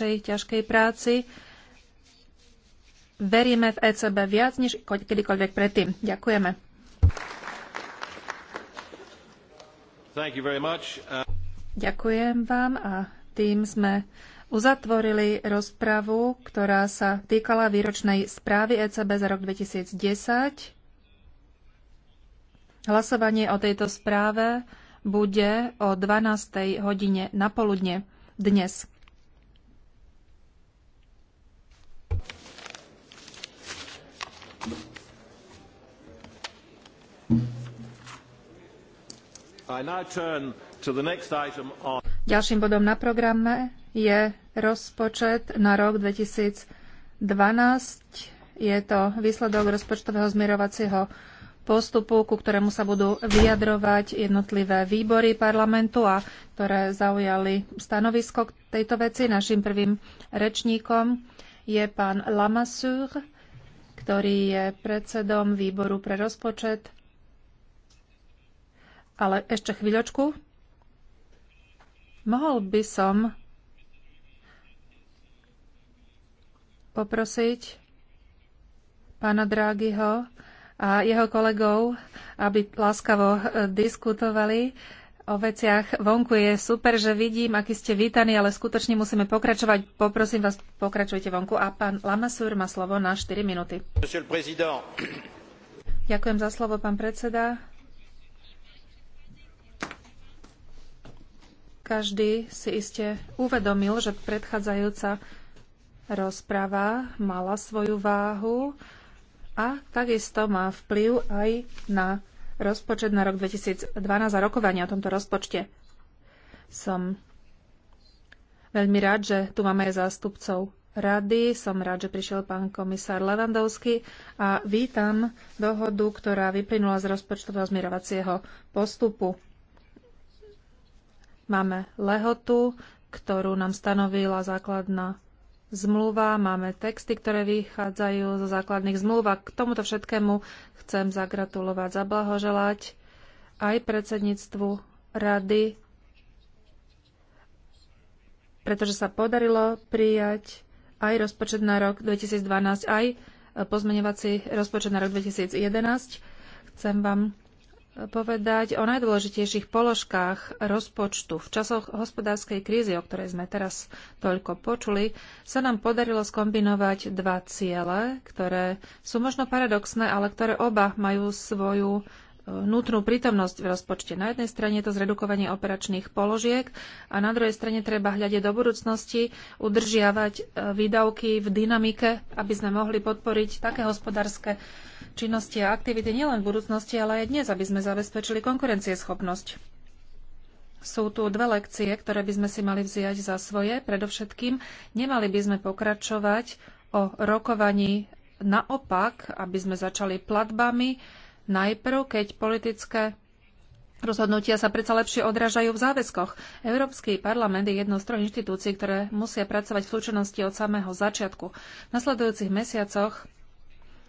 našej ťažkej práci. Veríme v ECB viac než kedykoľvek predtým. Ďakujeme. Uh, Ďakujem vám a tým sme uzatvorili rozpravu, ktorá sa týkala výročnej správy ECB za rok 2010. Hlasovanie o tejto správe bude o 12. hodine na poludne dnes. Ďalším bodom na programe je rozpočet na rok 2012. Je to výsledok rozpočtového zmierovacieho postupu, ku ktorému sa budú vyjadrovať jednotlivé výbory parlamentu a ktoré zaujali stanovisko k tejto veci. Našim prvým rečníkom je pán Lamassur, ktorý je predsedom výboru pre rozpočet ale ešte chvíľočku. Mohol by som poprosiť pána Drágyho a jeho kolegov, aby láskavo eh, diskutovali o veciach. Vonku je super, že vidím, aký ste vítaní, ale skutočne musíme pokračovať. Poprosím vás, pokračujte vonku. A pán Lamasur má slovo na 4 minúty. Ďakujem za slovo, pán predseda. Každý si iste uvedomil, že predchádzajúca rozprava mala svoju váhu a takisto má vplyv aj na rozpočet na rok 2012 a rokovania o tomto rozpočte. Som veľmi rád, že tu máme aj zástupcov rady. Som rád, že prišiel pán komisár Levandovský a vítam dohodu, ktorá vyplynula z rozpočtového zmierovacieho postupu Máme lehotu, ktorú nám stanovila základná zmluva, máme texty, ktoré vychádzajú zo základných zmluv a k tomuto všetkému chcem zagratulovať, zablahoželať aj predsedníctvu rady, pretože sa podarilo prijať aj rozpočet na rok 2012, aj pozmeňovací rozpočet na rok 2011. Chcem vám povedať o najdôležitejších položkách rozpočtu. V časoch hospodárskej krízy, o ktorej sme teraz toľko počuli, sa nám podarilo skombinovať dva ciele, ktoré sú možno paradoxné, ale ktoré oba majú svoju nutnú e, prítomnosť v rozpočte. Na jednej strane je to zredukovanie operačných položiek a na druhej strane treba hľadiť do budúcnosti, udržiavať e, výdavky v dynamike, aby sme mohli podporiť také hospodárske činnosti a aktivity nielen v budúcnosti, ale aj dnes, aby sme zabezpečili konkurencieschopnosť. Sú tu dve lekcie, ktoré by sme si mali vziať za svoje. Predovšetkým nemali by sme pokračovať o rokovaní naopak, aby sme začali platbami najprv, keď politické Rozhodnutia sa predsa lepšie odrážajú v záväzkoch. Európsky parlament je jednou z troch inštitúcií, ktoré musia pracovať v súčinnosti od samého začiatku. V nasledujúcich mesiacoch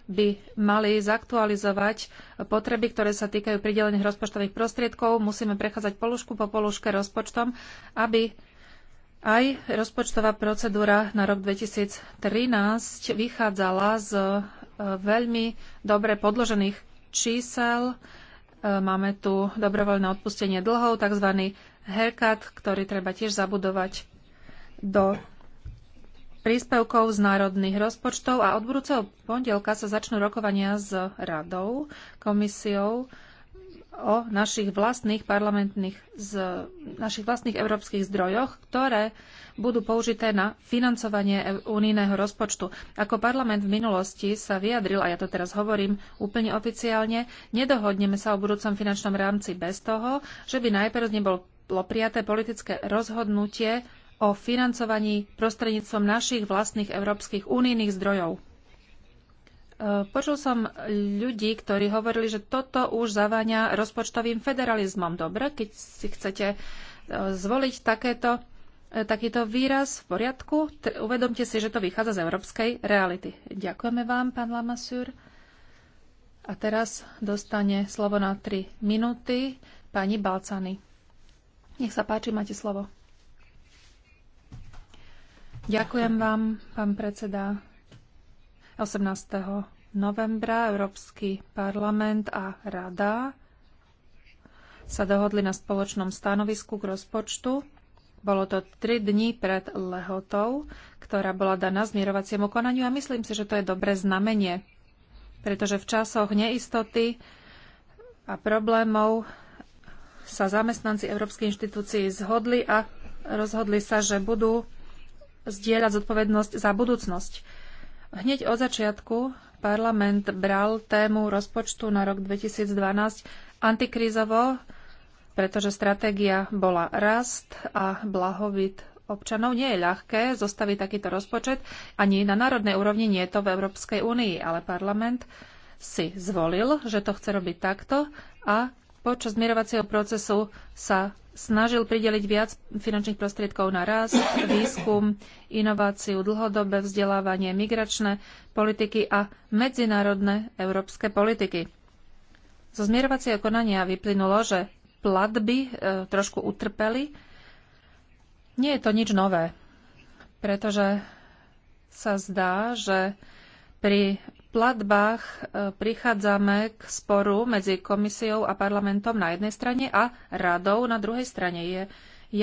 by mali zaktualizovať potreby, ktoré sa týkajú pridelených rozpočtových prostriedkov. Musíme prechádzať položku po polužke rozpočtom, aby aj rozpočtová procedúra na rok 2013 vychádzala z e, veľmi dobre podložených čísel. E, máme tu dobrovoľné odpustenie dlhov, tzv. haircut, ktorý treba tiež zabudovať do príspevkov z národných rozpočtov a od budúceho pondelka sa začnú rokovania s radou, komisiou o našich vlastných parlamentných, z našich vlastných európskych zdrojoch, ktoré budú použité na financovanie e, unijného rozpočtu. Ako parlament v minulosti sa vyjadril, a ja to teraz hovorím úplne oficiálne, nedohodneme sa o budúcom finančnom rámci bez toho, že by najprv nebolo prijaté politické rozhodnutie o financovaní prostredníctvom našich vlastných európskych unijných zdrojov. E, počul som ľudí, ktorí hovorili, že toto už zaváňa rozpočtovým federalizmom. Dobre, keď si chcete e, zvoliť takéto, e, takýto výraz v poriadku, uvedomte si, že to vychádza z európskej reality. Ďakujeme vám, pán Lamassur. A teraz dostane slovo na 3 minúty pani Balcany. Nech sa páči, máte slovo. Ďakujem vám, pán predseda. 18. novembra Európsky parlament a Rada sa dohodli na spoločnom stanovisku k rozpočtu. Bolo to tri dni pred lehotou, ktorá bola daná zmierovaciemu konaniu a myslím si, že to je dobré znamenie, pretože v časoch neistoty a problémov sa zamestnanci Európskej inštitúcii zhodli a rozhodli sa, že budú zdieľať zodpovednosť za budúcnosť. Hneď od začiatku parlament bral tému rozpočtu na rok 2012 antikrízovo, pretože stratégia bola rast a blahovit občanov. Nie je ľahké zostaviť takýto rozpočet. Ani na národnej úrovni nie je to v Európskej únii, ale parlament si zvolil, že to chce robiť takto a Počas mierovacieho procesu sa snažil prideliť viac finančných prostriedkov na rast, výskum, inováciu, dlhodobé vzdelávanie, migračné politiky a medzinárodné európske politiky. Zo zmierovacieho konania vyplynulo, že platby e, trošku utrpeli. Nie je to nič nové, pretože sa zdá, že pri platbách e, prichádzame k sporu medzi komisiou a parlamentom na jednej strane a radou na druhej strane. Je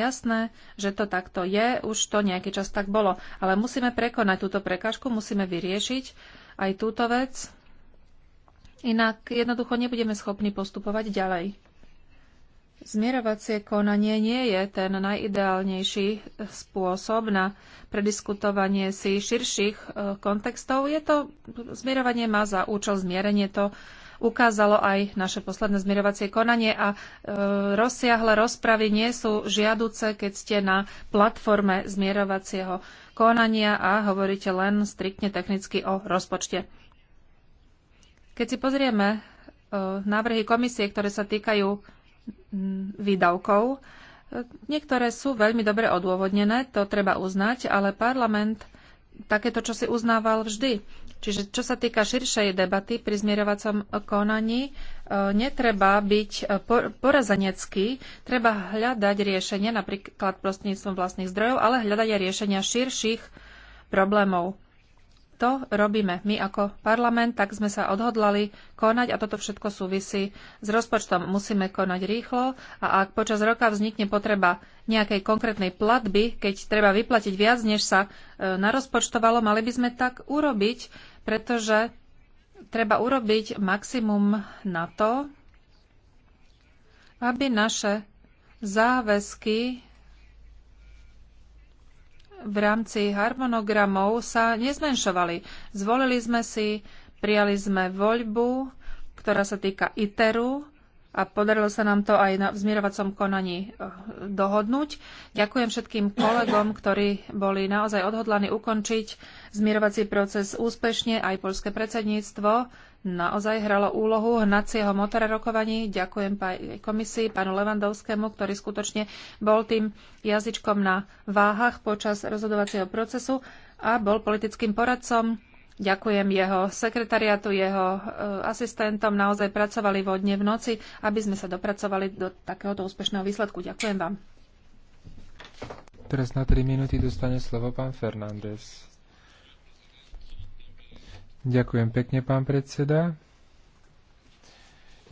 jasné, že to takto je, už to nejaký čas tak bolo. Ale musíme prekonať túto prekážku, musíme vyriešiť aj túto vec. Inak jednoducho nebudeme schopní postupovať ďalej. Zmierovacie konanie nie je ten najideálnejší spôsob na prediskutovanie si širších e, kontextov. Je to, zmierovanie má za účel zmierenie, to ukázalo aj naše posledné zmierovacie konanie a e, rozsiahle rozpravy nie sú žiaduce, keď ste na platforme zmierovacieho konania a hovoríte len striktne technicky o rozpočte. Keď si pozrieme e, návrhy komisie, ktoré sa týkajú výdavkov. Niektoré sú veľmi dobre odôvodnené, to treba uznať, ale parlament takéto čo si uznával vždy. Čiže čo sa týka širšej debaty pri zmierovacom konaní, e, netreba byť e, porazanecký, treba hľadať riešenie napríklad prostredníctvom vlastných zdrojov, ale hľadať aj riešenia širších problémov to robíme my ako parlament, tak sme sa odhodlali konať a toto všetko súvisí s rozpočtom. Musíme konať rýchlo a ak počas roka vznikne potreba nejakej konkrétnej platby, keď treba vyplatiť viac, než sa e, narozpočtovalo, mali by sme tak urobiť, pretože treba urobiť maximum na to, aby naše záväzky v rámci harmonogramov sa nezmenšovali. Zvolili sme si, prijali sme voľbu, ktorá sa týka ITERu, a podarilo sa nám to aj na, v zmierovacom konaní eh, dohodnúť. Ďakujem všetkým kolegom, ktorí boli naozaj odhodlaní ukončiť zmierovací proces úspešne. Aj poľské predsedníctvo naozaj hralo úlohu hnacieho motora rokovaní. Ďakujem aj komisii, pánu Levandovskému, ktorý skutočne bol tým jazyčkom na váhach počas rozhodovacieho procesu a bol politickým poradcom Ďakujem jeho sekretariatu, jeho e, asistentom. Naozaj pracovali vo dne v noci, aby sme sa dopracovali do takéhoto úspešného výsledku. Ďakujem vám. Teraz na 3 minúty dostane slovo pán Fernández. Ďakujem pekne, pán predseda.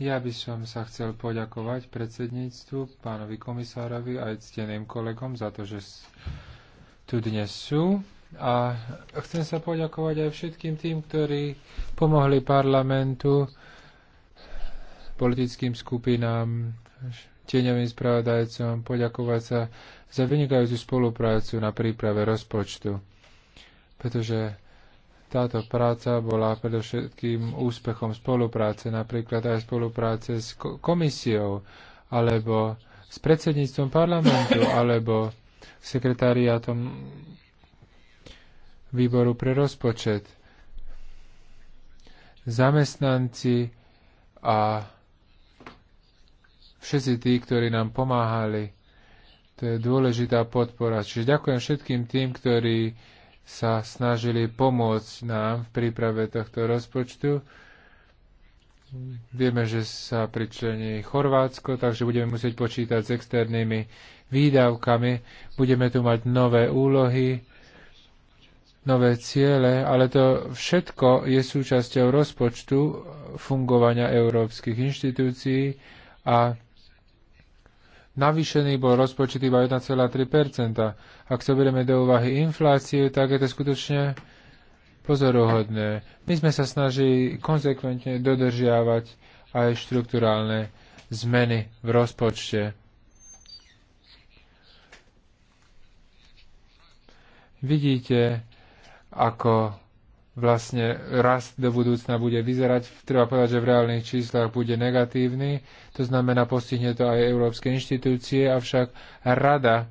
Ja by som sa chcel poďakovať predsedníctvu, pánovi komisárovi aj cteným kolegom za to, že tu dnes sú. A chcem sa poďakovať aj všetkým tým, ktorí pomohli parlamentu, politickým skupinám, tieňovým spravodajcom, poďakovať sa za vynikajúcu spoluprácu na príprave rozpočtu, pretože táto práca bola predovšetkým úspechom spolupráce, napríklad aj spolupráce s komisiou, alebo s predsedníctvom parlamentu, alebo sekretariátom výboru pre rozpočet. Zamestnanci a všetci tí, ktorí nám pomáhali. To je dôležitá podpora. Čiže ďakujem všetkým tým, ktorí sa snažili pomôcť nám v príprave tohto rozpočtu. Vieme, že sa pričlení Chorvátsko, takže budeme musieť počítať s externými výdavkami. Budeme tu mať nové úlohy nové ciele, ale to všetko je súčasťou rozpočtu fungovania európskych inštitúcií a navýšený bol rozpočet iba 1,3 Ak to berieme do úvahy infláciu, tak je to skutočne pozoruhodné. My sme sa snažili konsekventne dodržiavať aj štruktúrálne zmeny v rozpočte. Vidíte, ako vlastne rast do budúcna bude vyzerať. Treba povedať, že v reálnych číslach bude negatívny, to znamená postihne to aj európske inštitúcie, avšak rada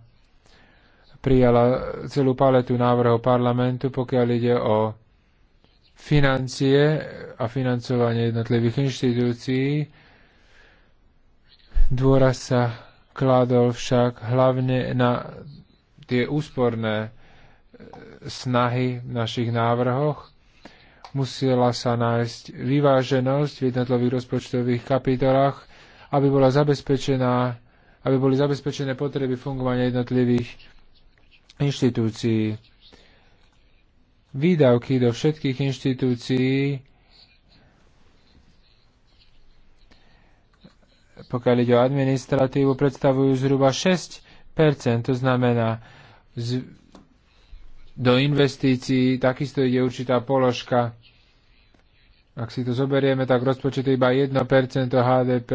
prijala celú paletu návrhov parlamentu, pokiaľ ide o financie a financovanie jednotlivých inštitúcií. Dôraz sa kládol však hlavne na tie úsporné snahy v našich návrhoch. Musela sa nájsť vyváženosť v jednotlivých rozpočtových kapitolách, aby, bola zabezpečená, aby boli zabezpečené potreby fungovania jednotlivých inštitúcií. Výdavky do všetkých inštitúcií pokiaľ ide o administratívu, predstavujú zhruba 6 to znamená, do investícií, takisto ide určitá položka. Ak si to zoberieme, tak rozpočet je iba 1% HDP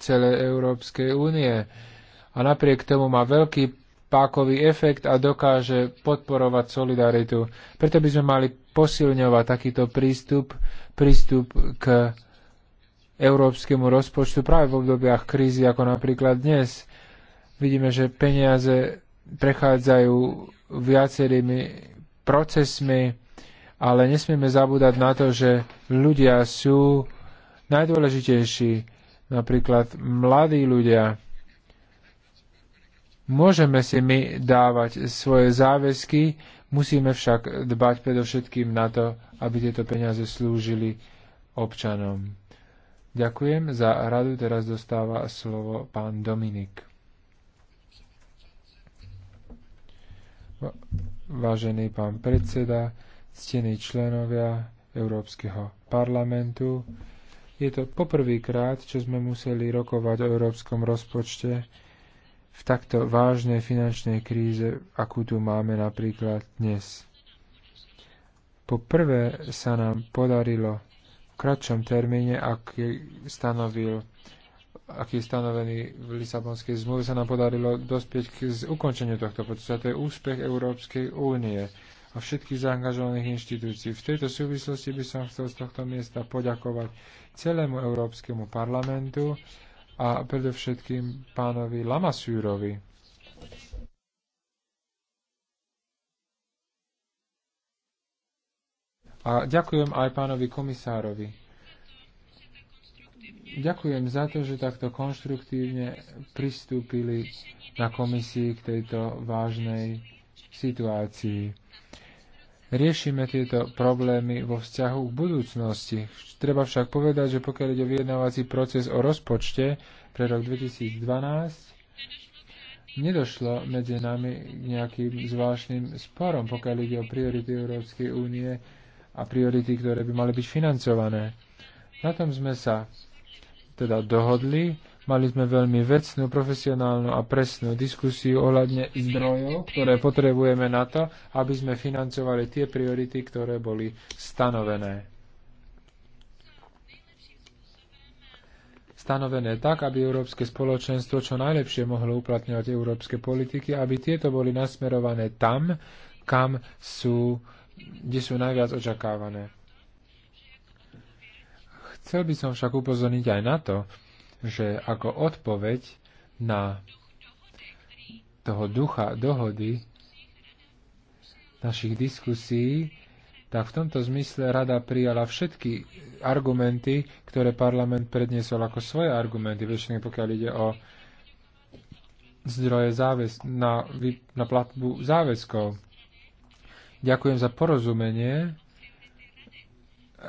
celej Európskej únie. A napriek tomu má veľký pákový efekt a dokáže podporovať solidaritu. Preto by sme mali posilňovať takýto prístup, prístup k európskemu rozpočtu práve v obdobiach krízy, ako napríklad dnes. Vidíme, že peniaze prechádzajú viacerými procesmi, ale nesmieme zabúdať na to, že ľudia sú najdôležitejší, napríklad mladí ľudia. Môžeme si my dávať svoje záväzky, musíme však dbať predovšetkým na to, aby tieto peniaze slúžili občanom. Ďakujem za radu, teraz dostáva slovo pán Dominik. vážený pán predseda, ctení členovia Európskeho parlamentu. Je to poprvýkrát, čo sme museli rokovať o európskom rozpočte v takto vážnej finančnej kríze, akú tu máme napríklad dnes. Po prvé sa nám podarilo v kratšom termíne, ak stanovil aký je stanovený v Lisabonskej zmluve, sa nám podarilo dospieť k ukončeniu tohto procesu. To je úspech Európskej únie a všetkých zaangažovaných inštitúcií. V tejto súvislosti by som chcel z tohto miesta poďakovať celému Európskemu parlamentu a predovšetkým pánovi Lamasúrovi. A ďakujem aj pánovi komisárovi. Ďakujem za to, že takto konštruktívne pristúpili na komisii k tejto vážnej situácii. Riešime tieto problémy vo vzťahu k budúcnosti. Treba však povedať, že pokiaľ ide vyjednávací proces o rozpočte pre rok 2012, nedošlo medzi nami k nejakým zvláštnym sporom, pokiaľ ide o priority Európskej únie a priority, ktoré by mali byť financované. Na tom sme sa teda dohodli. Mali sme veľmi vecnú, profesionálnu a presnú diskusiu ohľadne zdrojov, ktoré potrebujeme na to, aby sme financovali tie priority, ktoré boli stanovené. Stanovené tak, aby Európske spoločenstvo čo najlepšie mohlo uplatňovať európske politiky, aby tieto boli nasmerované tam, kam sú, kde sú najviac očakávané. Chcel by som však upozorniť aj na to, že ako odpoveď na toho ducha dohody našich diskusí, tak v tomto zmysle rada prijala všetky argumenty, ktoré parlament predniesol ako svoje argumenty, väčšinou pokiaľ ide o zdroje záväz- na, na platbu záväzkov. Ďakujem za porozumenie E,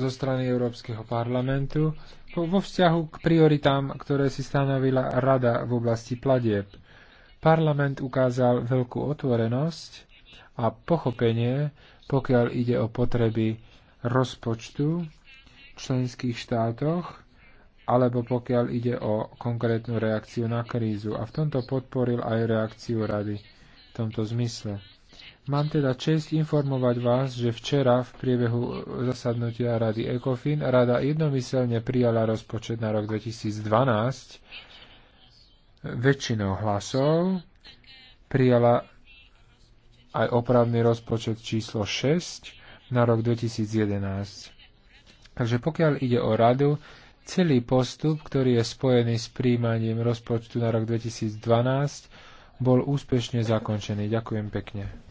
zo strany Európskeho parlamentu vo vzťahu k prioritám, ktoré si stanovila Rada v oblasti platieb. Parlament ukázal veľkú otvorenosť a pochopenie, pokiaľ ide o potreby rozpočtu v členských štátoch, alebo pokiaľ ide o konkrétnu reakciu na krízu. A v tomto podporil aj reakciu Rady v tomto zmysle. Mám teda čest informovať vás, že včera v priebehu zasadnutia Rady ECOFIN Rada jednomyselne prijala rozpočet na rok 2012 väčšinou hlasov, prijala aj opravný rozpočet číslo 6 na rok 2011. Takže pokiaľ ide o radu, celý postup, ktorý je spojený s príjmaním rozpočtu na rok 2012, bol úspešne zakončený. Ďakujem pekne.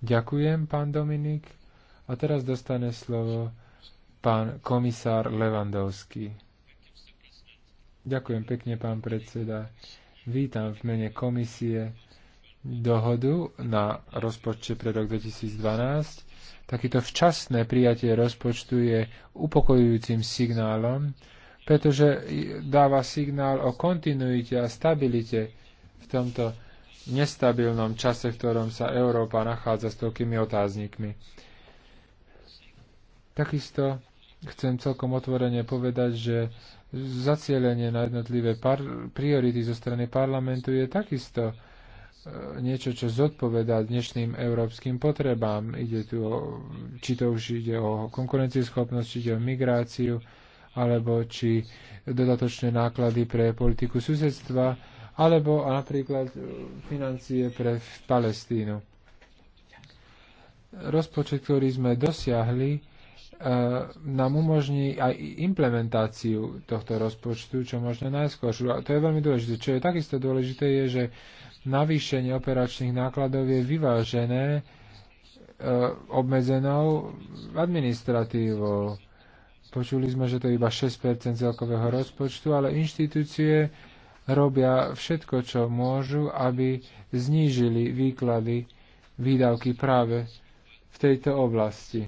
Ďakujem, pán Dominik. A teraz dostane slovo pán komisár Levandovský. Ďakujem pekne, pán predseda. Vítam v mene komisie dohodu na rozpočte pre rok 2012. Takýto včasné prijatie rozpočtu je upokojujúcim signálom, pretože dáva signál o kontinuite a stabilite v tomto nestabilnom čase, v ktorom sa Európa nachádza s toľkými otáznikmi. Takisto chcem celkom otvorene povedať, že zacielenie na jednotlivé priority zo strany parlamentu je takisto e, niečo, čo zodpovedá dnešným európskym potrebám. Ide tu o, či to už ide o konkurencieschopnosť, či ide o migráciu, alebo či dodatočné náklady pre politiku susedstva alebo napríklad e, financie pre Palestínu. Rozpočet, ktorý sme dosiahli, e, nám umožní aj implementáciu tohto rozpočtu, čo možno najskôr. A to je veľmi dôležité. Čo je takisto dôležité, je, že navýšenie operačných nákladov je vyvážené e, obmedzenou administratívou. Počuli sme, že to je iba 6% celkového rozpočtu, ale inštitúcie robia všetko, čo môžu, aby znížili výklady, výdavky práve v tejto oblasti.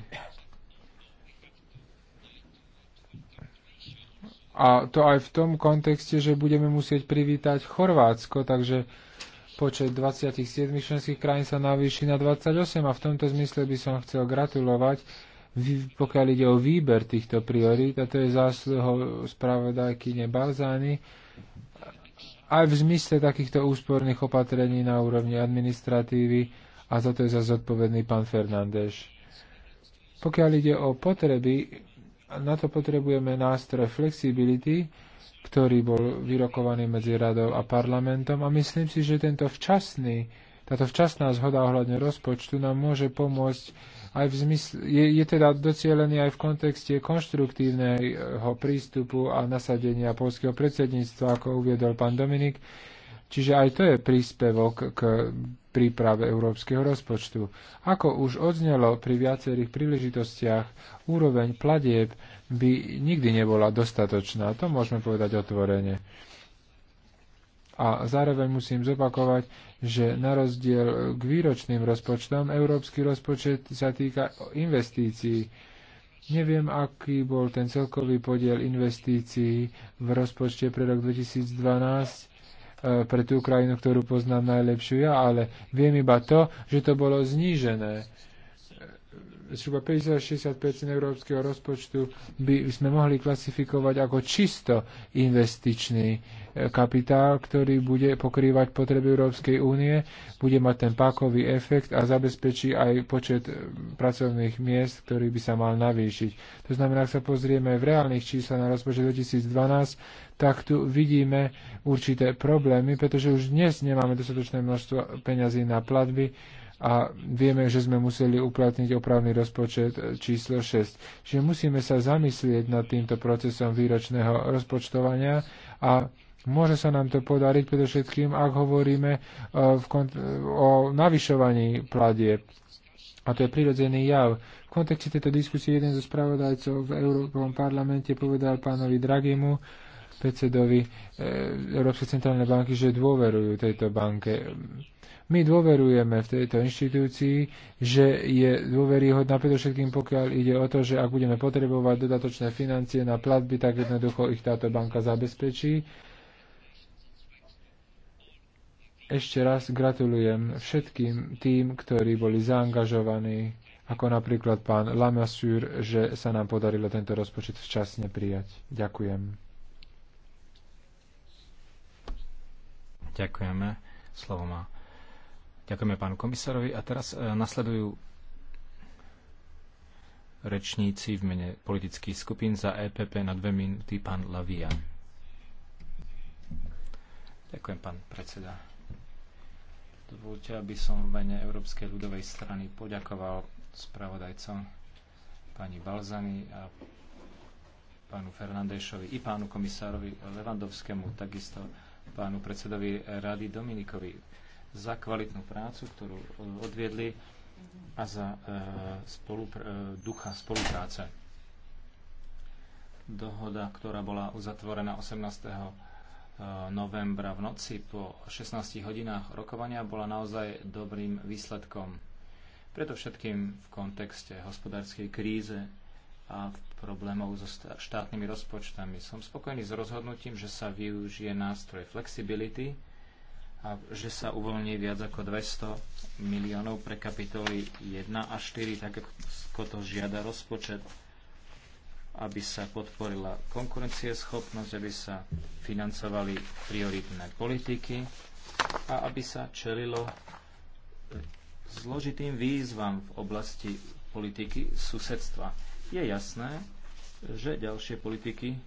A to aj v tom kontexte, že budeme musieť privítať Chorvátsko, takže počet 27 členských krajín sa navýši na 28 a v tomto zmysle by som chcel gratulovať, pokiaľ ide o výber týchto priorít, a to je zásluhou spravodajkyne Balzány, aj v zmysle takýchto úsporných opatrení na úrovni administratívy a za to je za zodpovedný pán Fernández. Pokiaľ ide o potreby, na to potrebujeme nástroj flexibility, ktorý bol vyrokovaný medzi radou a parlamentom a myslím si, že tento včasný, táto včasná zhoda ohľadne rozpočtu nám môže pomôcť aj v zmysle, je, je teda docielený aj v kontexte konštruktívneho prístupu a nasadenia polského predsedníctva, ako uviedol pán Dominik. Čiže aj to je príspevok k príprave európskeho rozpočtu. Ako už odznelo pri viacerých príležitostiach, úroveň platieb by nikdy nebola dostatočná. To môžeme povedať otvorene. A zároveň musím zopakovať, že na rozdiel k výročným rozpočtom, európsky rozpočet sa týka investícií. Neviem, aký bol ten celkový podiel investícií v rozpočte pre rok 2012 e, pre tú krajinu, ktorú poznám najlepšiu ja, ale viem iba to, že to bolo znížené zhruba 50-60% európskeho rozpočtu by sme mohli klasifikovať ako čisto investičný e, kapitál, ktorý bude pokrývať potreby Európskej únie, bude mať ten pákový efekt a zabezpečí aj počet e, pracovných miest, ktorý by sa mal navýšiť. To znamená, ak sa pozrieme v reálnych číslach na rozpočet 2012, tak tu vidíme určité problémy, pretože už dnes nemáme dostatočné množstvo peňazí na platby a vieme, že sme museli uplatniť opravný rozpočet e, číslo 6. Čiže musíme sa zamyslieť nad týmto procesom výročného rozpočtovania a Môže sa nám to podariť, predovšetkým, ak hovoríme e, e, o navyšovaní platieb. A to je prirodzený jav. V kontexte tejto diskusie jeden zo spravodajcov v Európskom parlamente povedal pánovi Dragimu, predsedovi Európskej centrálnej banky, že dôverujú tejto banke. My dôverujeme v tejto inštitúcii, že je dôveryhodná predovšetkým, pokiaľ ide o to, že ak budeme potrebovať dodatočné financie na platby, tak jednoducho ich táto banka zabezpečí. Ešte raz gratulujem všetkým tým, ktorí boli zaangažovaní, ako napríklad pán Lamassur, že sa nám podarilo tento rozpočet včasne prijať. Ďakujem. Ďakujeme. Slovo má Ďakujeme pánu komisárovi. A teraz e, nasledujú rečníci v mene politických skupín za EPP na dve minúty pán Lavia. Ďakujem, pán predseda. Dovolte, aby som v mene Európskej ľudovej strany poďakoval spravodajcom pani Balzani a pánu Fernandešovi i pánu komisárovi Levandovskému, takisto pánu predsedovi rady Dominikovi za kvalitnú prácu, ktorú e, odviedli a za e, spolupr- e, ducha spolupráce. Dohoda, ktorá bola uzatvorená 18. novembra v noci po 16 hodinách rokovania, bola naozaj dobrým výsledkom. Predovšetkým v kontexte hospodárskej kríze a problémov so štátnymi rozpočtami. Som spokojný s rozhodnutím, že sa využije nástroj flexibility, a že sa uvoľní viac ako 200 miliónov pre kapitoly 1 a 4, tak ako to žiada rozpočet, aby sa podporila konkurencieschopnosť, aby sa financovali prioritné politiky a aby sa čelilo zložitým výzvam v oblasti politiky susedstva. Je jasné, že ďalšie politiky,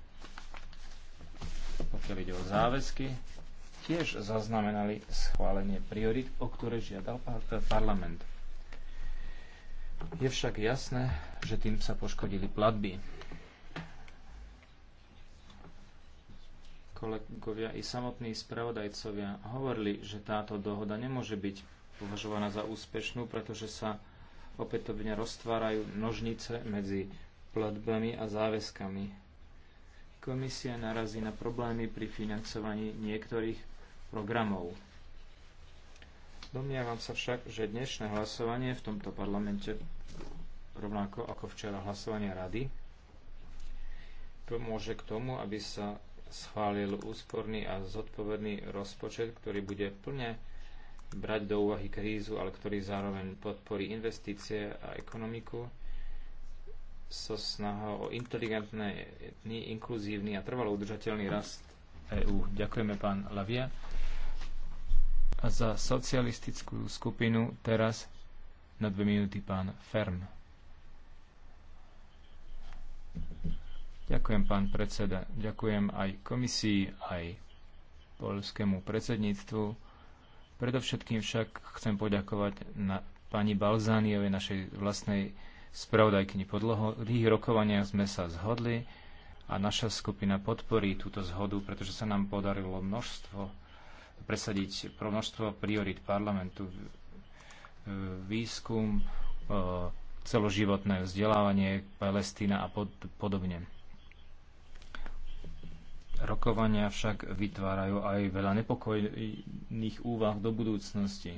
pokiaľ ide o záväzky, tiež zaznamenali schválenie priorit, o ktoré žiadal eh, parlament. Je však jasné, že tým sa poškodili platby. Kolegovia i samotní spravodajcovia hovorili, že táto dohoda nemôže byť považovaná za úspešnú, pretože sa opätovne roztvárajú nožnice medzi platbami a záväzkami. Komisia narazí na problémy pri financovaní niektorých programov. Domnievam sa však, že dnešné hlasovanie v tomto parlamente, rovnako ako včera hlasovanie rady, pomôže k tomu, aby sa schválil úsporný a zodpovedný rozpočet, ktorý bude plne brať do úvahy krízu, ale ktorý zároveň podporí investície a ekonomiku so snahou o inteligentný, inkluzívny a trvalo udržateľný rast EÚ. Ďakujeme, pán Lavia. A za socialistickú skupinu teraz na dve minúty pán Ferm. Ďakujem, pán predseda. Ďakujem aj komisii, aj polskému predsedníctvu. Predovšetkým však chcem poďakovať na pani Balzániovej, našej vlastnej spravodajkyni. Po dlhých rokovaniach sme sa zhodli a naša skupina podporí túto zhodu, pretože sa nám podarilo množstvo presadiť pro množstvo priorit parlamentu. Výskum, e, celoživotné vzdelávanie, Palestína a pod, podobne. Rokovania však vytvárajú aj veľa nepokojných úvah do budúcnosti.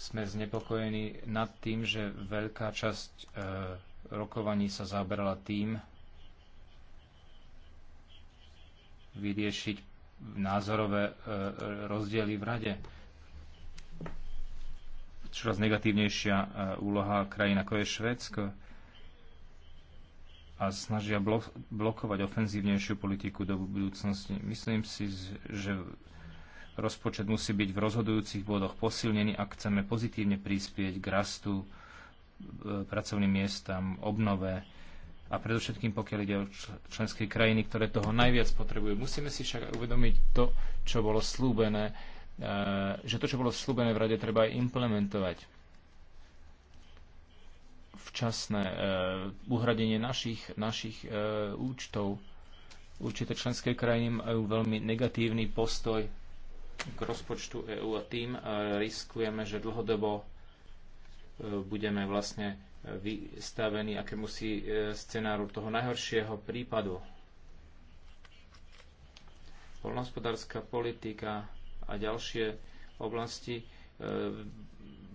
Sme znepokojení nad tým, že veľká časť e, rokovaní sa zaberala tým vyriešiť názorové e, rozdiely v rade. Čoraz negatívnejšia e, úloha krajín ako je Švédsko a snažia blokovať ofenzívnejšiu politiku do budúcnosti. Myslím si, že rozpočet musí byť v rozhodujúcich bodoch posilnený, ak chceme pozitívne prispieť k rastu e, pracovným miestam, obnove a predovšetkým pokiaľ ide o členské krajiny, ktoré toho najviac potrebujú. Musíme si však uvedomiť to, čo bolo slúbené, e, že to, čo bolo slúbené v rade, treba aj implementovať. Včasné e, uhradenie našich, našich e, účtov. Určité členské krajiny majú veľmi negatívny postoj k rozpočtu EÚ a tým riskujeme, že dlhodobo budeme vlastne vystavený akémusi e, scenáru toho najhoršieho prípadu. Polnohospodárska politika a ďalšie oblasti e,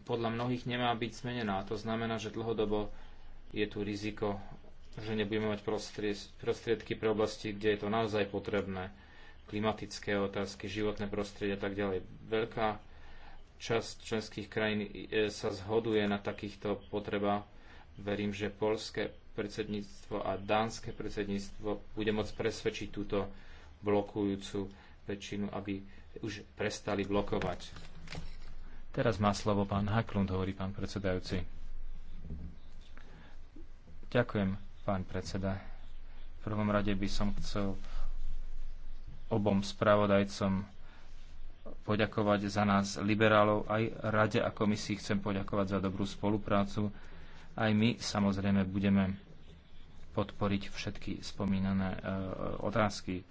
podľa mnohých nemá byť zmenená. To znamená, že dlhodobo je tu riziko, že nebudeme mať prostriedky pre oblasti, kde je to naozaj potrebné. Klimatické otázky, životné prostredie a tak ďalej. Veľká časť členských krajín e, sa zhoduje na takýchto potrebách Verím, že polské predsedníctvo a dánske predsedníctvo bude môcť presvedčiť túto blokujúcu väčšinu, aby už prestali blokovať. Teraz má slovo pán Haklund, hovorí pán predsedajúci. Ďakujem, pán predseda. V prvom rade by som chcel obom spravodajcom poďakovať za nás liberálov. Aj Rade a komisii chcem poďakovať za dobrú spoluprácu aj my samozrejme budeme podporiť všetky spomínané e, otázky.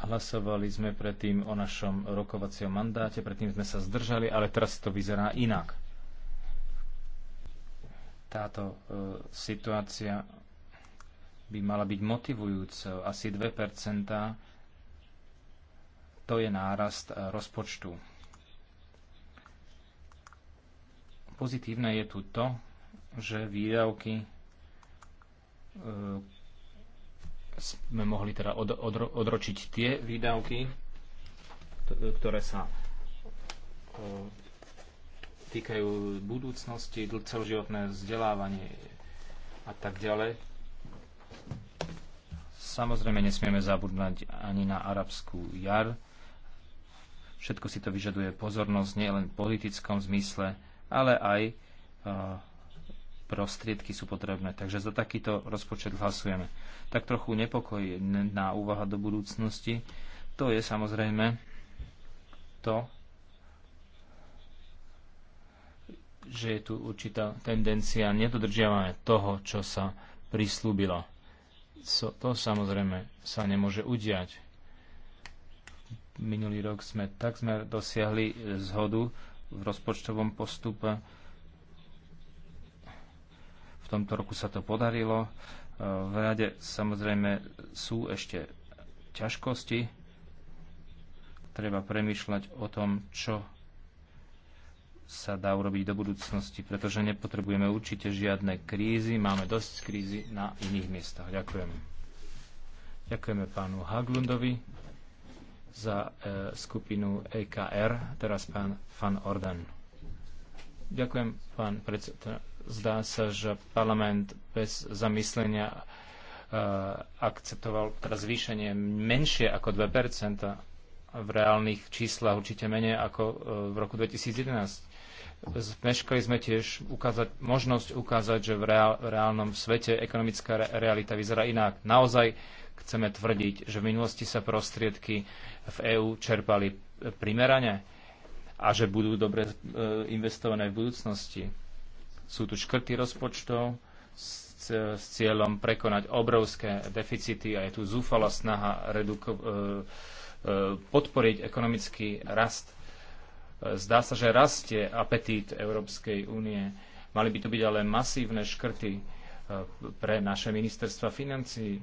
Hlasovali sme predtým o našom rokovacom mandáte, predtým sme sa zdržali, ale teraz to vyzerá inak. Táto e, situácia by mala byť motivujúca. Asi 2 to je nárast e, rozpočtu. Pozitívne je tu to, že výdavky e, sme mohli teda od, od, odročiť tie výdavky, ktoré sa e, týkajú budúcnosti, celoživotné vzdelávanie a tak ďalej. Samozrejme nesmieme zabudnať ani na arabskú jar. Všetko si to vyžaduje pozornosť, nielen v politickom zmysle, ale aj eh, prostriedky sú potrebné. Takže za takýto rozpočet hlasujeme. Tak trochu nepokojná úvaha do budúcnosti. To je samozrejme to, že je tu určitá tendencia nedodržiavania toho, čo sa prislúbilo. So, to samozrejme sa nemôže udiať. Minulý rok sme tak sme dosiahli zhodu v rozpočtovom postupe. V tomto roku sa to podarilo. E, v rade samozrejme sú ešte ťažkosti. Treba premyšľať o tom, čo sa dá urobiť do budúcnosti, pretože nepotrebujeme určite žiadne krízy, máme dosť krízy na iných miestach. Ďakujem. Ďakujeme pánu Haglundovi za e, skupinu EKR, teraz pán Van Orden. Ďakujem, pán predseda. Zdá sa, že parlament bez zamyslenia e, akceptoval teraz zvýšenie menšie ako 2 v reálnych číslach určite menej ako e, v roku 2011. Zmeškali sme tiež ukázať, možnosť ukázať, že v, reál, v reálnom svete ekonomická re, realita vyzerá inak. Naozaj chceme tvrdiť, že v minulosti sa prostriedky v EÚ čerpali primerane a že budú dobre e, investované v budúcnosti. Sú tu škrty rozpočtov s, s cieľom prekonať obrovské deficity a je tu zúfala snaha reduko, e, e, podporiť ekonomický rast. Zdá sa, že rastie apetít Európskej únie. Mali by to byť ale masívne škrty pre naše ministerstva financií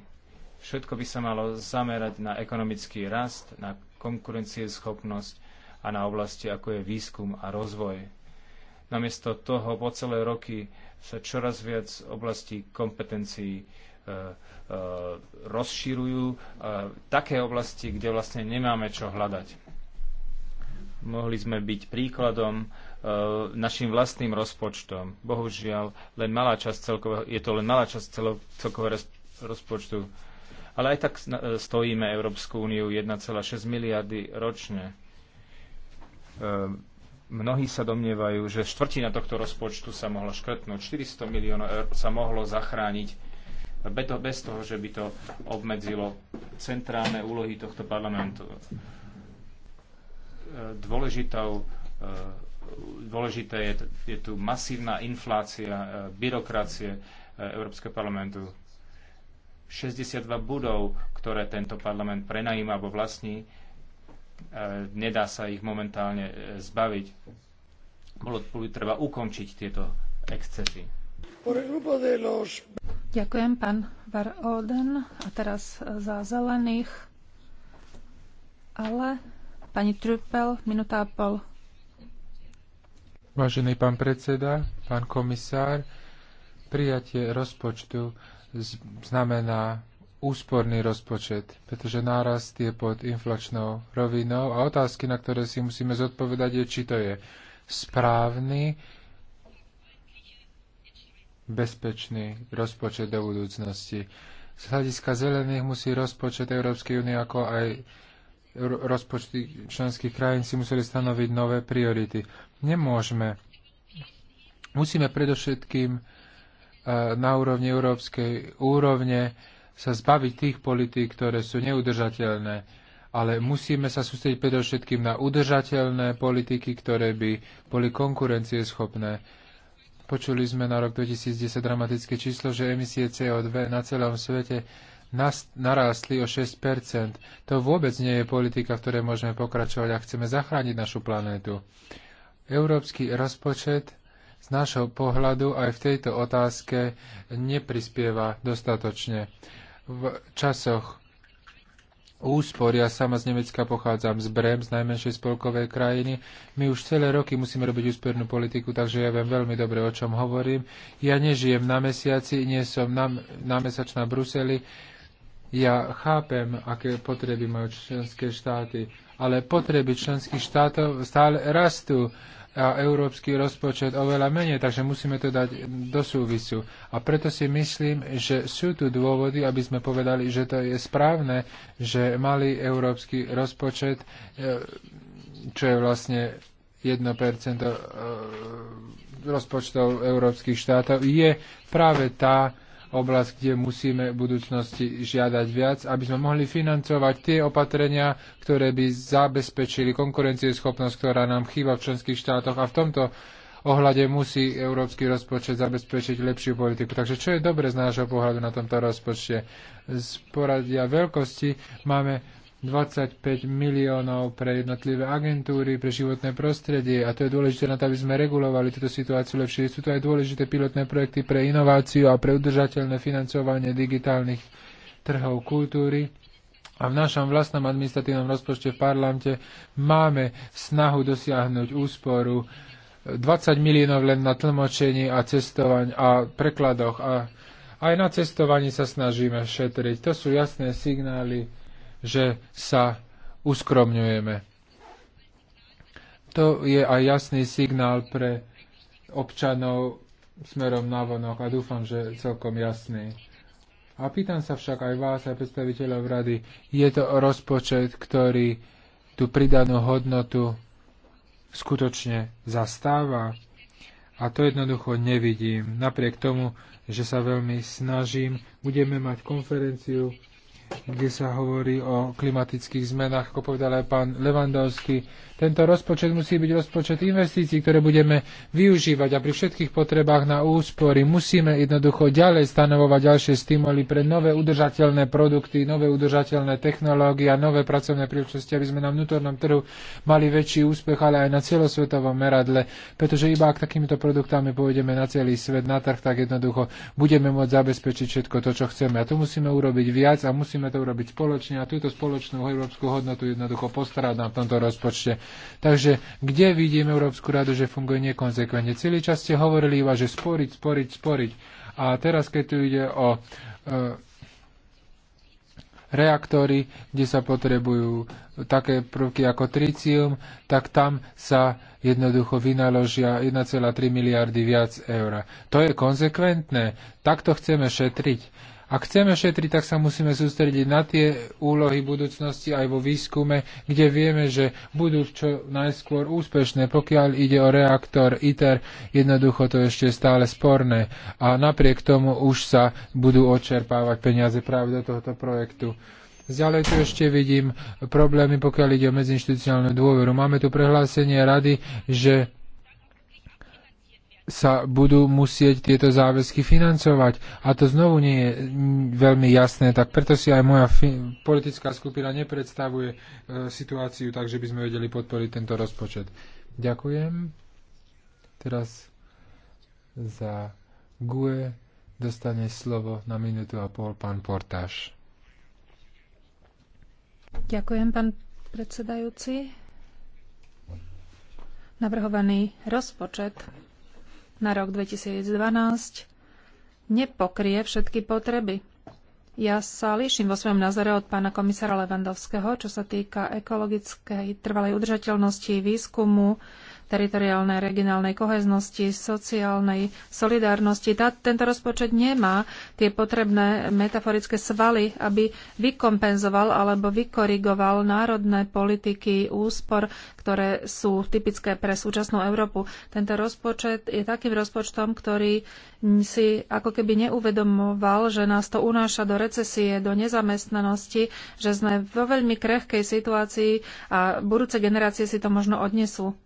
Všetko by sa malo zamerať na ekonomický rast, na konkurencieschopnosť a na oblasti, ako je výskum a rozvoj. Namiesto toho po celé roky sa čoraz viac oblastí kompetencií e, e, rozširujú e, také oblasti, kde vlastne nemáme čo hľadať. Mohli sme byť príkladom našim vlastným rozpočtom. Bohužiaľ, len malá časť celkového, je to len malá časť celo, celkového rozpočtu. Ale aj tak e, stojíme Európsku úniu 1,6 miliardy ročne. E, mnohí sa domnievajú, že štvrtina tohto rozpočtu sa mohla škrtnúť. 400 miliónov eur sa mohlo zachrániť bez toho, že by to obmedzilo centrálne úlohy tohto parlamentu. E, dôležitou, dôležité je, je tu masívna inflácia byrokracie Európskeho parlamentu. 62 budov, ktoré tento parlament prenajíma alebo vlastní, e, nedá sa ich momentálne e, zbaviť. Bolo treba ukončiť tieto excesy. Ďakujem, pán Var Oden. A teraz e, za zelených. Ale pani Trupel, minúta a pol. Vážený pán predseda, pán komisár, prijatie rozpočtu znamená úsporný rozpočet, pretože nárast je pod inflačnou rovinou a otázky, na ktoré si musíme zodpovedať, je, či to je správny, bezpečný rozpočet do budúcnosti. Z hľadiska zelených musí rozpočet Európskej únie ako aj rozpočty členských krajín si museli stanoviť nové priority. Nemôžeme. Musíme predovšetkým na úrovni európskej úrovne sa zbaviť tých politík, ktoré sú neudržateľné. Ale musíme sa sústrediť predovšetkým na udržateľné politiky, ktoré by boli konkurencieschopné. Počuli sme na rok 2010 dramatické číslo, že emisie CO2 na celom svete narástli o 6 To vôbec nie je politika, v ktorej môžeme pokračovať a chceme zachrániť našu planétu. Európsky rozpočet z nášho pohľadu aj v tejto otázke neprispieva dostatočne. V časoch úspor, ja sama z Nemecka pochádzam z Brem, z najmenšej spolkovej krajiny, my už celé roky musíme robiť úspornú politiku, takže ja viem veľmi dobre, o čom hovorím. Ja nežijem na mesiaci, nie som na, na mesačná Bruseli, ja chápem, aké potreby majú členské štáty, ale potreby členských štátov stále rastú a európsky rozpočet oveľa menej, takže musíme to dať do súvisu. A preto si myslím, že sú tu dôvody, aby sme povedali, že to je správne, že malý európsky rozpočet, eh, čo je vlastne 1% eh, rozpočtov európskych štátov, je práve tá oblasť, kde musíme v budúcnosti žiadať viac, aby sme mohli financovať tie opatrenia, ktoré by zabezpečili konkurencieschopnosť, ktorá nám chýba v členských štátoch. A v tomto ohľade musí európsky rozpočet zabezpečiť lepšiu politiku. Takže čo je dobre z nášho pohľadu na tomto rozpočte? Z poradia veľkosti máme 25 miliónov pre jednotlivé agentúry, pre životné prostredie a to je dôležité na to, aby sme regulovali túto situáciu lepšie. Sú tu aj dôležité pilotné projekty pre inováciu a pre udržateľné financovanie digitálnych trhov kultúry. A v našom vlastnom administratívnom rozpočte v parlamente máme snahu dosiahnuť úsporu 20 miliónov len na tlmočení a cestovaní a prekladoch a aj na cestovaní sa snažíme šetriť. To sú jasné signály že sa uskromňujeme. To je aj jasný signál pre občanov smerom na vonok a dúfam, že celkom jasný. A pýtam sa však aj vás, aj predstaviteľov rady, je to rozpočet, ktorý tú pridanú hodnotu skutočne zastáva? A to jednoducho nevidím. Napriek tomu, že sa veľmi snažím, budeme mať konferenciu kde sa hovorí o klimatických zmenách, ako povedal aj pán Levandovský tento rozpočet musí byť rozpočet investícií, ktoré budeme využívať a pri všetkých potrebách na úspory musíme jednoducho ďalej stanovovať ďalšie stimuly pre nové udržateľné produkty, nové udržateľné technológie a nové pracovné príležitosti, aby sme na vnútornom trhu mali väčší úspech, ale aj na celosvetovom meradle, pretože iba ak takýmito produktami pôjdeme na celý svet, na trh, tak jednoducho budeme môcť zabezpečiť všetko to, čo chceme. A tu musíme urobiť viac a musíme to urobiť spoločne a túto spoločnú európsku hodnotu jednoducho postrádam v tomto rozpočte. Takže kde vidím Európsku radu, že funguje nekonzekventne? Celý čas ste hovorili iba, že sporiť, sporiť, sporiť. A teraz, keď tu ide o e, reaktory, kde sa potrebujú také prvky ako tricium, tak tam sa jednoducho vynaložia 1,3 miliardy viac eur. To je konzekventné. Takto chceme šetriť. Ak chceme šetriť, tak sa musíme sústrediť na tie úlohy budúcnosti aj vo výskume, kde vieme, že budú čo najskôr úspešné. Pokiaľ ide o reaktor ITER, jednoducho to ešte je stále sporné a napriek tomu už sa budú odčerpávať peniaze práve do tohoto projektu. Ďalej tu ešte vidím problémy, pokiaľ ide o medziinstitucionálnu dôveru. Máme tu prehlásenie rady, že sa budú musieť tieto záväzky financovať. A to znovu nie je veľmi jasné, tak preto si aj moja politická skupina nepredstavuje e, situáciu tak, že by sme vedeli podporiť tento rozpočet. Ďakujem. Teraz za GUE dostane slovo na minútu a pol pán Portáš. Ďakujem, pán predsedajúci. Navrhovaný rozpočet na rok 2012 nepokrie všetky potreby. Ja sa líšim vo svojom názore od pána komisára Levandovského, čo sa týka ekologickej trvalej udržateľnosti, výskumu, teritoriálnej, regionálnej koheznosti, sociálnej solidárnosti. Tá, tento rozpočet nemá tie potrebné metaforické svaly, aby vykompenzoval alebo vykorigoval národné politiky úspor, ktoré sú typické pre súčasnú Európu. Tento rozpočet je takým rozpočtom, ktorý si ako keby neuvedomoval, že nás to unáša do recesie, do nezamestnanosti, že sme vo veľmi krehkej situácii a budúce generácie si to možno odnesú.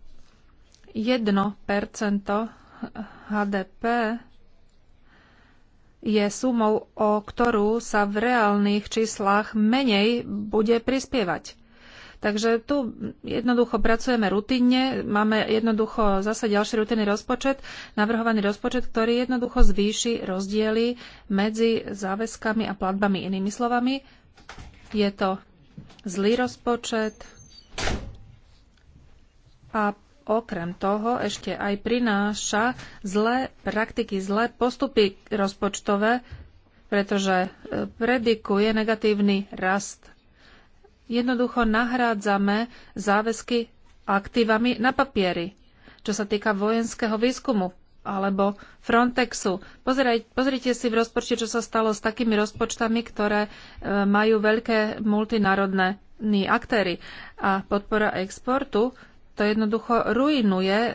1% HDP je sumou, o ktorú sa v reálnych číslach menej bude prispievať. Takže tu jednoducho pracujeme rutinne, máme jednoducho zase ďalší rutinný rozpočet, navrhovaný rozpočet, ktorý jednoducho zvýši rozdiely medzi záväzkami a platbami. Inými slovami, je to zlý rozpočet a okrem toho ešte aj prináša zlé praktiky, zlé postupy rozpočtové, pretože e, predikuje negatívny rast. Jednoducho nahrádzame záväzky aktívami na papieri, čo sa týka vojenského výskumu alebo Frontexu. Pozeraj, pozrite si v rozpočte, čo sa stalo s takými rozpočtami, ktoré e, majú veľké multinárodné aktéry. A podpora exportu to jednoducho ruinuje e,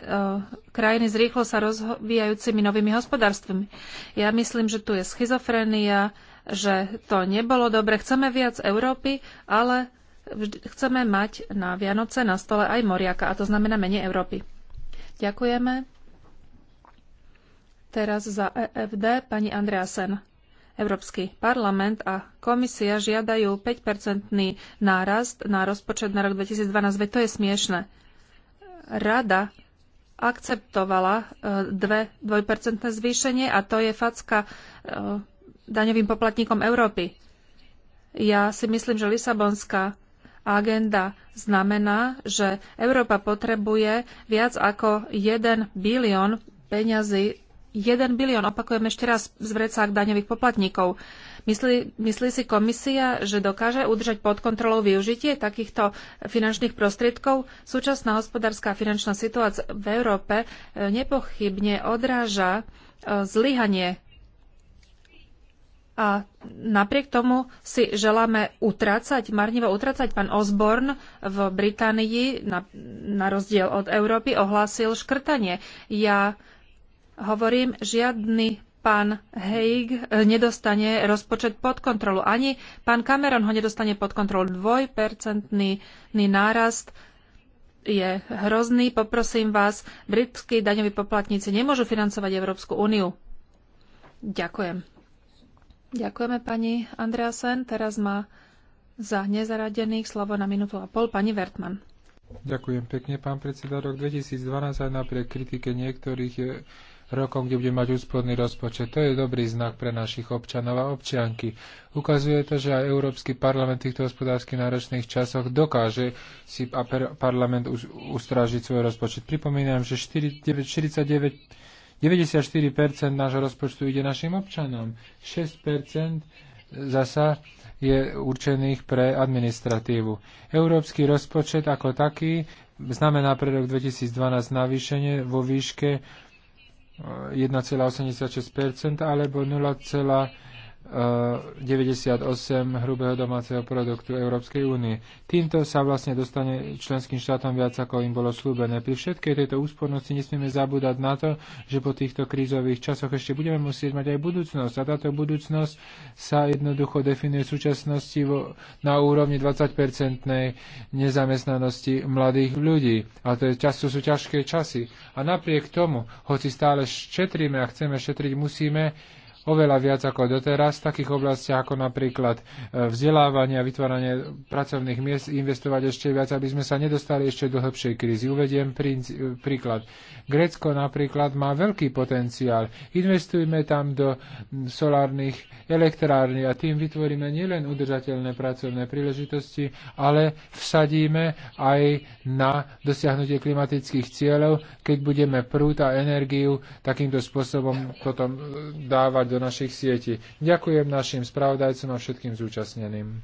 krajiny s rýchlo sa rozvíjajúcimi novými hospodárstvami. Ja myslím, že tu je schizofrenia, že to nebolo dobre. Chceme viac Európy, ale chceme mať na Vianoce na stole aj moriaka, a to znamená menej Európy. Ďakujeme. Teraz za EFD pani Andreasen. Európsky parlament a komisia žiadajú 5-percentný nárast na rozpočet na rok 2012, veď to je smiešne rada akceptovala e, dve, dvojpercentné zvýšenie a to je facka e, daňovým poplatníkom Európy. Ja si myslím, že Lisabonská agenda znamená, že Európa potrebuje viac ako 1 bilión peňazí. 1 bilión, opakujem ešte raz, z vrecák daňových poplatníkov. Myslí, myslí si komisia, že dokáže udržať pod kontrolou využitie takýchto finančných prostriedkov? Súčasná hospodárska a finančná situácia v Európe e, nepochybne odráža e, zlyhanie a napriek tomu si želáme utracať, marnivo utracať. Pán Osborne v Británii, na, na rozdiel od Európy, ohlásil škrtanie. Ja hovorím, žiadny pán Haig e, nedostane rozpočet pod kontrolu. Ani pán Cameron ho nedostane pod kontrolu. Dvojpercentný nárast je hrozný. Poprosím vás, britskí daňoví poplatníci nemôžu financovať Európsku úniu. Ďakujem. Ďakujeme pani Andreasen. Teraz má za nezaradených slovo na minútu a pol pani Vertman. Ďakujem pekne, pán predseda. Rok 2012 aj napriek kritike niektorých je rokom, kde budeme mať úsporný rozpočet. To je dobrý znak pre našich občanov a občianky. Ukazuje to, že aj Európsky parlament v týchto hospodársky náročných časoch dokáže si a parlament ustrážiť svoj rozpočet. Pripomínam, že 4, 9, 49 94% nášho rozpočtu ide našim občanom, 6% zasa je určených pre administratívu. Európsky rozpočet ako taký znamená pre rok 2012 navýšenie vo výške 1,86 e, alebo 98 eh, hrubého domáceho produktu Európskej únie. Týmto sa vlastne dostane členským štátom viac, ako im bolo slúbené. Pri všetkej tejto úspornosti nesmieme zabúdať na to, že po týchto krízových časoch ešte budeme musieť mať aj budúcnosť. A táto budúcnosť sa jednoducho definuje v súčasnosti na úrovni 20-percentnej nezamestnanosti mladých ľudí. A to je, často sú ťažké časy. A napriek tomu, hoci stále šetríme a chceme šetriť, musíme oveľa viac ako doteraz v takých oblastiach ako napríklad e, vzdelávanie a vytváranie pracovných miest, investovať ešte viac, aby sme sa nedostali ešte do hĺbšej krízy. Uvediem e, príklad. Grécko napríklad má veľký potenciál. Investujme tam do solárnych elektrární a tým vytvoríme nielen udržateľné pracovné príležitosti, ale vsadíme aj na dosiahnutie klimatických cieľov, keď budeme prúd a energiu takýmto spôsobom potom e, dávať do našich sietí. Ďakujem našim spravodajcom a všetkým zúčastneným.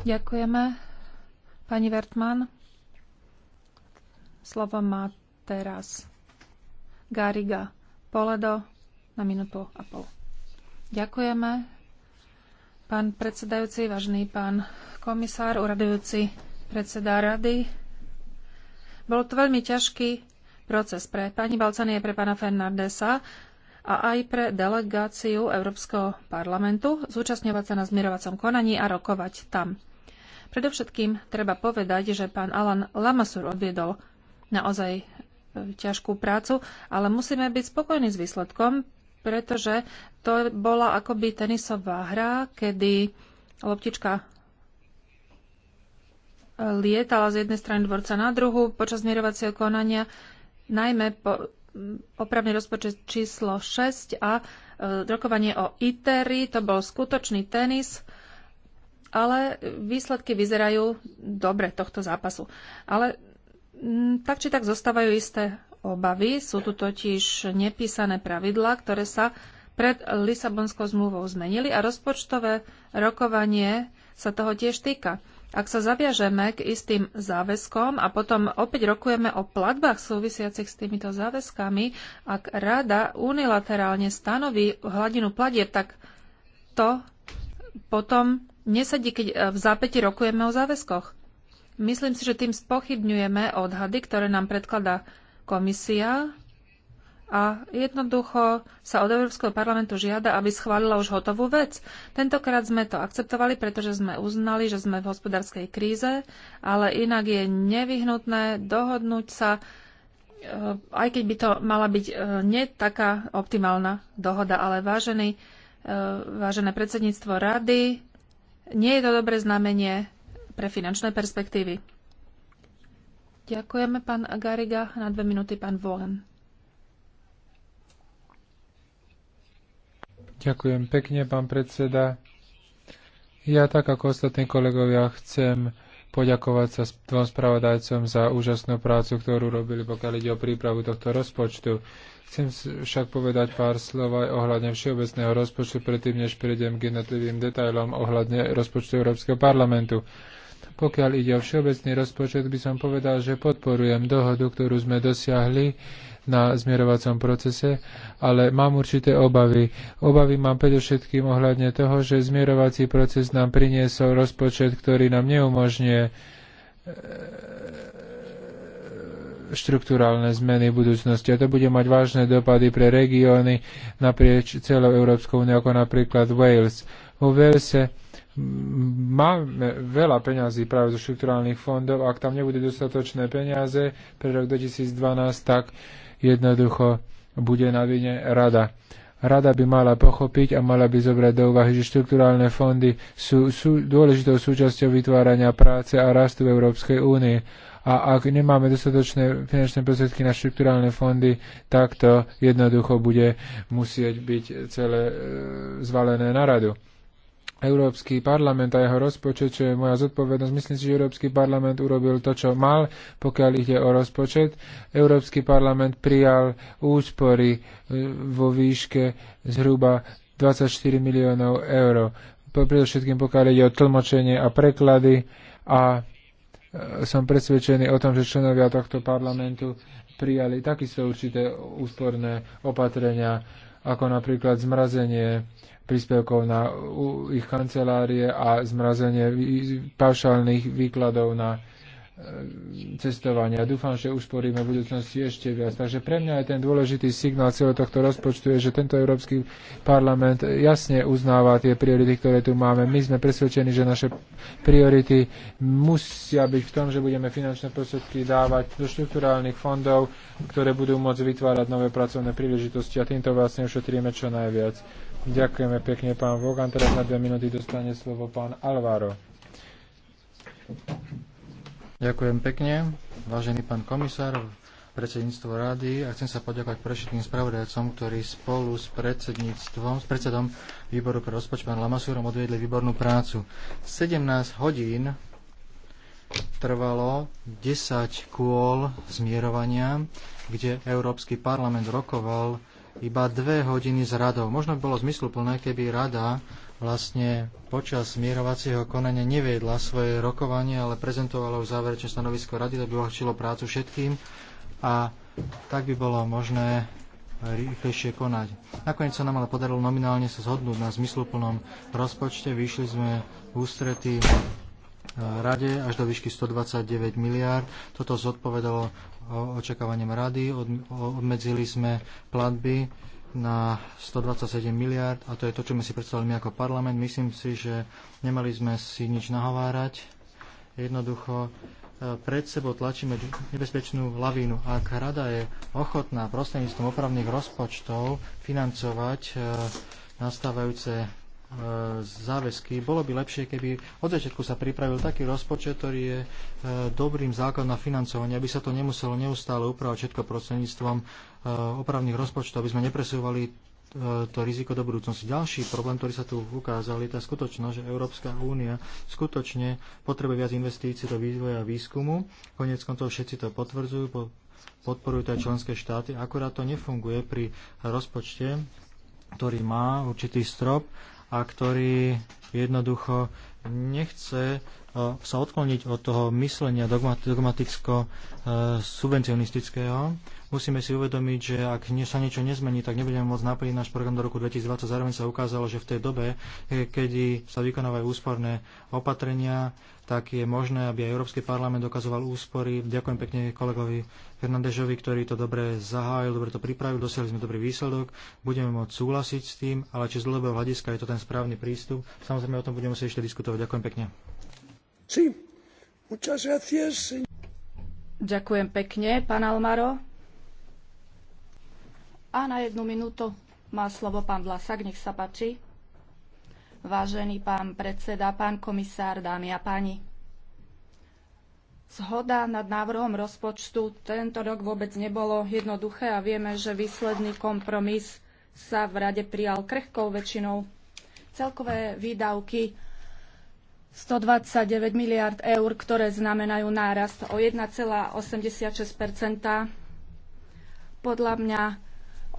Ďakujeme. Pani Vertman, slovo má teraz Gariga Poledo na minútu a pol. Ďakujeme. Pán predsedajúci, vážny pán komisár, uradujúci predseda rady. Bol to veľmi ťažký proces pre pani Balcanie, pre pána Fernandesa a aj pre delegáciu Európskeho parlamentu zúčastňovať sa na zmierovacom konaní a rokovať tam. Predovšetkým treba povedať, že pán Alan Lamasur odviedol naozaj e, ťažkú prácu, ale musíme byť spokojní s výsledkom, pretože to bola akoby tenisová hra, kedy loptička e, lietala z jednej strany dvorca na druhu počas zmierovacieho konania najmä po, mm, opravný rozpočet číslo 6 a e, rokovanie o ITERI. To bol skutočný tenis, ale výsledky vyzerajú dobre tohto zápasu. Ale m, mm, tak či tak zostávajú isté obavy. Sú tu totiž nepísané pravidlá, ktoré sa pred Lisabonskou zmluvou zmenili a rozpočtové rokovanie sa toho tiež týka. Ak sa zaviažeme k istým záväzkom a potom opäť rokujeme o platbách súvisiacich s týmito záväzkami, ak rada unilaterálne stanoví hladinu platieb, tak to potom nesadí, keď v zápäti rokujeme o záväzkoch. Myslím si, že tým spochybňujeme odhady, ktoré nám predkladá komisia a jednoducho sa od Európskeho parlamentu žiada, aby schválila už hotovú vec. Tentokrát sme to akceptovali, pretože sme uznali, že sme v hospodárskej kríze, ale inak je nevyhnutné dohodnúť sa, e, aj keď by to mala byť e, nie taká optimálna dohoda, ale vážený, e, vážené predsedníctvo rady, nie je to dobré znamenie pre finančné perspektívy. Ďakujeme, pán Gariga. Na dve minúty, pán Volen. Ďakujem pekne, pán predseda. Ja tak ako ostatní kolegovia chcem poďakovať sa dvom spravodajcom za úžasnú prácu, ktorú robili, pokiaľ ide o prípravu tohto rozpočtu. Chcem však povedať pár slov aj ohľadne všeobecného rozpočtu, predtým než prejdem k jednotlivým detailom ohľadne rozpočtu Európskeho parlamentu. Pokiaľ ide o všeobecný rozpočet, by som povedal, že podporujem dohodu, ktorú sme dosiahli na zmierovacom procese, ale mám určité obavy. Obavy mám predovšetkým ohľadne toho, že zmierovací proces nám priniesol rozpočet, ktorý nám neumožňuje e, štruktúralne zmeny v budúcnosti. A to bude mať vážne dopady pre regióny naprieč celou Európskou úniou, ako napríklad Wales. Vo Walese máme veľa peňazí práve zo štrukturálnych fondov, ak tam nebude dostatočné peniaze pre rok 2012, tak jednoducho bude na vine rada. Rada by mala pochopiť a mala by zobrať do úvahy, že štrukturálne fondy sú, sú dôležitou súčasťou vytvárania práce a rastu v Európskej únie. A ak nemáme dostatočné finančné prostriedky na štrukturálne fondy, tak to jednoducho bude musieť byť celé e, zvalené na radu. Európsky parlament a jeho rozpočet, čo je moja zodpovednosť. Myslím si, že Európsky parlament urobil to, čo mal, pokiaľ ide o rozpočet. Európsky parlament prijal úspory e, vo výške zhruba 24 miliónov eur. Predovšetkým pokiaľ ide o tlmočenie a preklady a e, som presvedčený o tom, že členovia tohto parlamentu prijali takisto určité úsporné opatrenia, ako napríklad zmrazenie príspevkov na ich kancelárie a zmrazenie paušálnych výkladov na e, cestovania. Dúfam, že usporíme v budúcnosti ešte viac. Takže pre mňa je ten dôležitý signál celého tohto rozpočtu, je, že tento Európsky parlament jasne uznáva tie priority, ktoré tu máme. My sme presvedčení, že naše priority musia byť v tom, že budeme finančné prostriedky dávať do štrukturálnych fondov, ktoré budú môcť vytvárať nové pracovné príležitosti a týmto vlastne ušetríme čo najviac. Ďakujeme pekne, pán Vogan. Teraz na dve minúty dostane slovo pán Alvaro. Ďakujem pekne, vážený pán komisár, predsedníctvo rády a chcem sa poďakovať pre všetkým spravodajcom, ktorí spolu s predsedníctvom, s predsedom výboru pre rozpočet pán Lamasúrom odviedli výbornú prácu. 17 hodín trvalo 10 kôl zmierovania, kde Európsky parlament rokoval iba dve hodiny s radou. Možno by bolo zmysluplné, keby rada vlastne počas mierovacieho konania neviedla svoje rokovanie, ale prezentovala už záverečné stanovisko rady, to by uľahčilo prácu všetkým a tak by bolo možné rýchlejšie konať. Nakoniec sa nám ale podarilo nominálne sa zhodnúť na zmysluplnom rozpočte. Vyšli sme v ústrety E, rade až do výšky 129 miliárd. Toto zodpovedalo e, očakávaniam rady. Obmedzili sme platby na 127 miliárd a to je to, čo sme si predstavili my ako parlament. Myslím si, že nemali sme si nič nahovárať. Jednoducho e, pred sebou tlačíme nebezpečnú lavínu. Ak rada je ochotná prostredníctvom opravných rozpočtov financovať nastávajúce E, záväzky. Bolo by lepšie, keby od začiatku sa pripravil taký rozpočet, ktorý je e, dobrým základom na financovanie, aby sa to nemuselo neustále upravať všetko prostredníctvom e, opravných rozpočtov, aby sme nepresúvali to riziko do budúcnosti. Ďalší problém, ktorý sa tu ukázal, je tá skutočnosť, že Európska únia skutočne potrebuje viac investícií do vývoja a výskumu. Konec koncov všetci to potvrdzujú, podporujú to aj členské štáty. Akurát to nefunguje pri rozpočte, ktorý má určitý strop a ktorý jednoducho nechce sa odkloniť od toho myslenia dogmaticko-subvencionistického. E, Musíme si uvedomiť, že ak sa niečo nezmení, tak nebudeme môcť naplniť náš program do roku 2020. Zároveň sa ukázalo, že v tej dobe, e, kedy sa vykonávajú úsporné opatrenia, tak je možné, aby aj Európsky parlament dokazoval úspory. Ďakujem pekne kolegovi Fernandežovi, ktorý to dobre zahájil, dobre to pripravil, dosiahli sme dobrý výsledok, budeme môcť súhlasiť s tým, ale či z dlhého hľadiska je to ten správny prístup, samozrejme o tom budeme musieť ešte diskutovať. Ďakujem pekne. Sí. Gracias, Ďakujem pekne, pán Almaro. A na jednu minútu má slovo pán Vlasak, nech sa páči. Vážený pán predseda, pán komisár, dámy a páni. Zhoda nad návrhom rozpočtu tento rok vôbec nebolo jednoduché a vieme, že výsledný kompromis sa v rade prijal krehkou väčšinou. Celkové výdavky 129 miliard eur, ktoré znamenajú nárast o 1,86 podľa mňa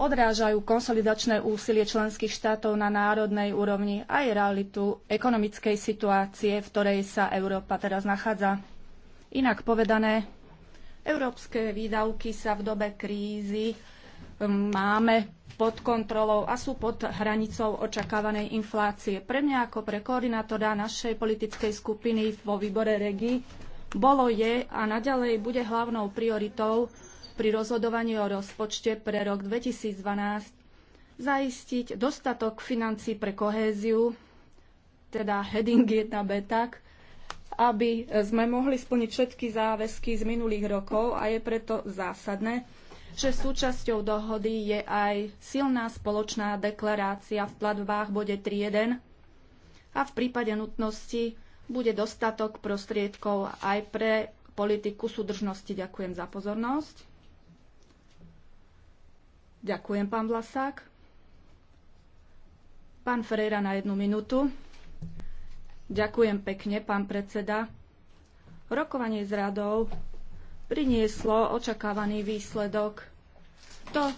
odrážajú konsolidačné úsilie členských štátov na národnej úrovni aj realitu ekonomickej situácie, v ktorej sa Európa teraz nachádza. Inak povedané, európske výdavky sa v dobe krízy máme pod kontrolou a sú pod hranicou očakávanej inflácie. Pre mňa ako pre koordinátora našej politickej skupiny vo výbore REGI bolo je a naďalej bude hlavnou prioritou pri rozhodovaní o rozpočte pre rok 2012 zaistiť dostatok financí pre kohéziu, teda heading 1b tak, aby sme mohli splniť všetky záväzky z minulých rokov a je preto zásadné, že súčasťou dohody je aj silná spoločná deklarácia v platbách bode 3.1 a v prípade nutnosti bude dostatok prostriedkov aj pre politiku súdržnosti. Ďakujem za pozornosť. Ďakujem, pán Vlasák. Pán Ferreira na jednu minútu. Ďakujem pekne, pán predseda. Rokovanie s radou prinieslo očakávaný výsledok. To,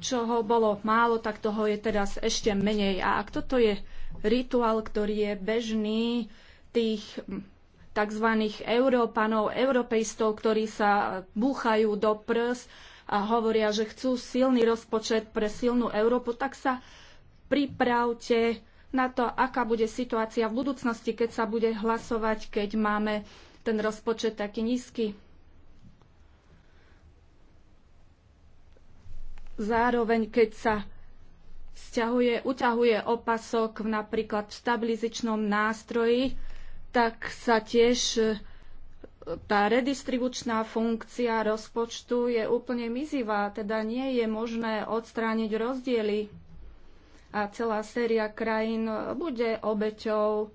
čo ho bolo málo, tak toho je teraz ešte menej. A ak toto je rituál, ktorý je bežný tých hm, tzv. Európanov, európejstov, ktorí sa búchajú do prs a hovoria, že chcú silný rozpočet pre silnú Európu, tak sa pripravte na to, aká bude situácia v budúcnosti, keď sa bude hlasovať, keď máme ten rozpočet taký nízky. zároveň keď sa sťahuje, uťahuje opasok napríklad v stabilizičnom nástroji, tak sa tiež e, tá redistribučná funkcia rozpočtu je úplne mizivá, teda nie je možné odstrániť rozdiely a celá séria krajín bude obeťou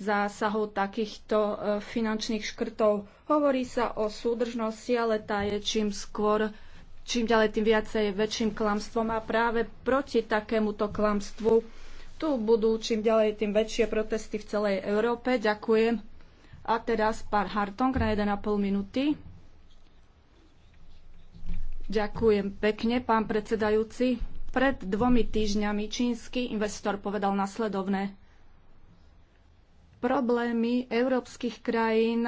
zásahu takýchto e, finančných škrtov. Hovorí sa o súdržnosti, ale tá je čím skôr čím ďalej, tým viacej väčším klamstvom a práve proti takémuto klamstvu tu budú čím ďalej, tým väčšie protesty v celej Európe. Ďakujem. A teraz pán Hartong na 1,5 minúty. Ďakujem pekne, pán predsedajúci. Pred dvomi týždňami čínsky investor povedal nasledovné. Problémy európskych krajín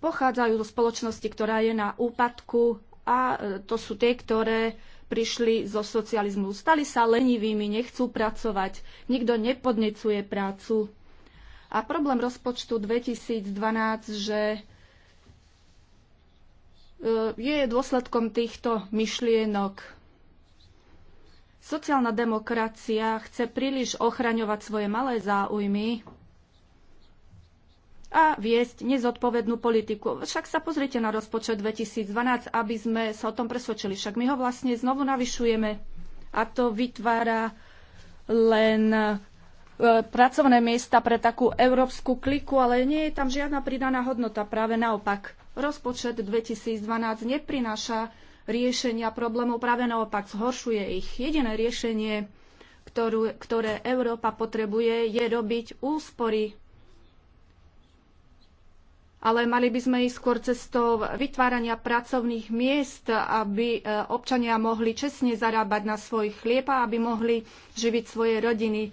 pochádzajú zo spoločnosti, ktorá je na úpadku a e, to sú tie, ktoré prišli zo socializmu. Stali sa lenivými, nechcú pracovať, nikto nepodnecuje prácu. A problém rozpočtu 2012, že e, je dôsledkom týchto myšlienok. Sociálna demokracia chce príliš ochraňovať svoje malé záujmy a viesť nezodpovednú politiku. Však sa pozrite na rozpočet 2012, aby sme sa o tom presvedčili. Však my ho vlastne znovu navyšujeme a to vytvára len e, pracovné miesta pre takú európsku kliku, ale nie je tam žiadna pridaná hodnota. Práve naopak, rozpočet 2012 neprináša riešenia problémov, práve naopak zhoršuje ich. Jediné riešenie, ktorú, ktoré Európa potrebuje, je robiť úspory ale mali by sme ísť skôr cestou vytvárania pracovných miest, aby e, občania mohli čestne zarábať na svoj chlieb a aby mohli živiť svoje rodiny.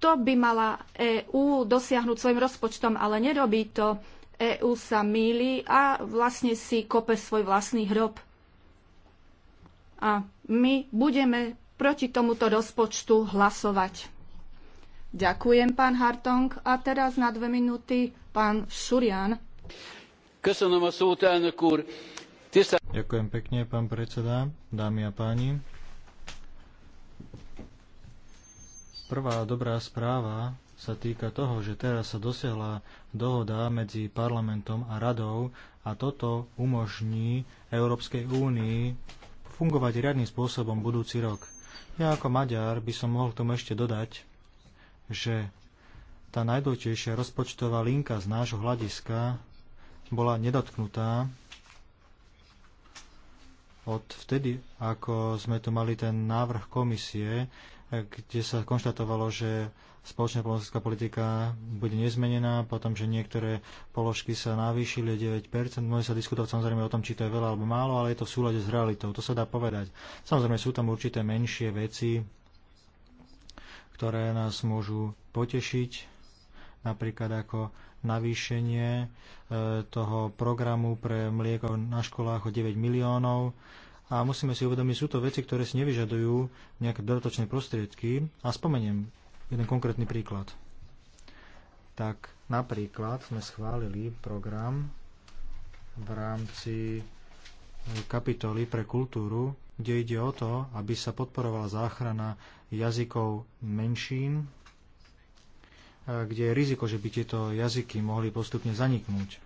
To by mala EÚ dosiahnuť svojim rozpočtom, ale nerobí to. EÚ sa míli a vlastne si kope svoj vlastný hrob. A my budeme proti tomuto rozpočtu hlasovať. Ďakujem, pán Hartong. A teraz na dve minúty pán Šurian. Ďakujem pekne, pán predseda, dámy a páni. Prvá dobrá správa sa týka toho, že teraz sa dosiahla dohoda medzi parlamentom a radou a toto umožní Európskej únii fungovať riadnym spôsobom budúci rok. Ja ako Maďar by som mohol k tomu ešte dodať, že tá najdôležitejšia rozpočtová linka z nášho hľadiska bola nedotknutá od vtedy, ako sme tu mali ten návrh komisie, kde sa konštatovalo, že spoločná polnohospodárska politika bude nezmenená, potom, že niektoré položky sa navýšili 9%. Môže sa diskutovať samozrejme o tom, či to je veľa alebo málo, ale je to v súlade s realitou. To sa dá povedať. Samozrejme sú tam určité menšie veci, ktoré nás môžu potešiť, napríklad ako navýšenie e, toho programu pre mlieko na školách o 9 miliónov. A musíme si uvedomiť, sú to veci, ktoré si nevyžadujú nejaké dodatočné prostriedky. A spomeniem jeden konkrétny príklad. Tak napríklad sme schválili program v rámci kapitoly pre kultúru, kde ide o to, aby sa podporovala záchrana jazykov menšín kde je riziko, že by tieto jazyky mohli postupne zaniknúť.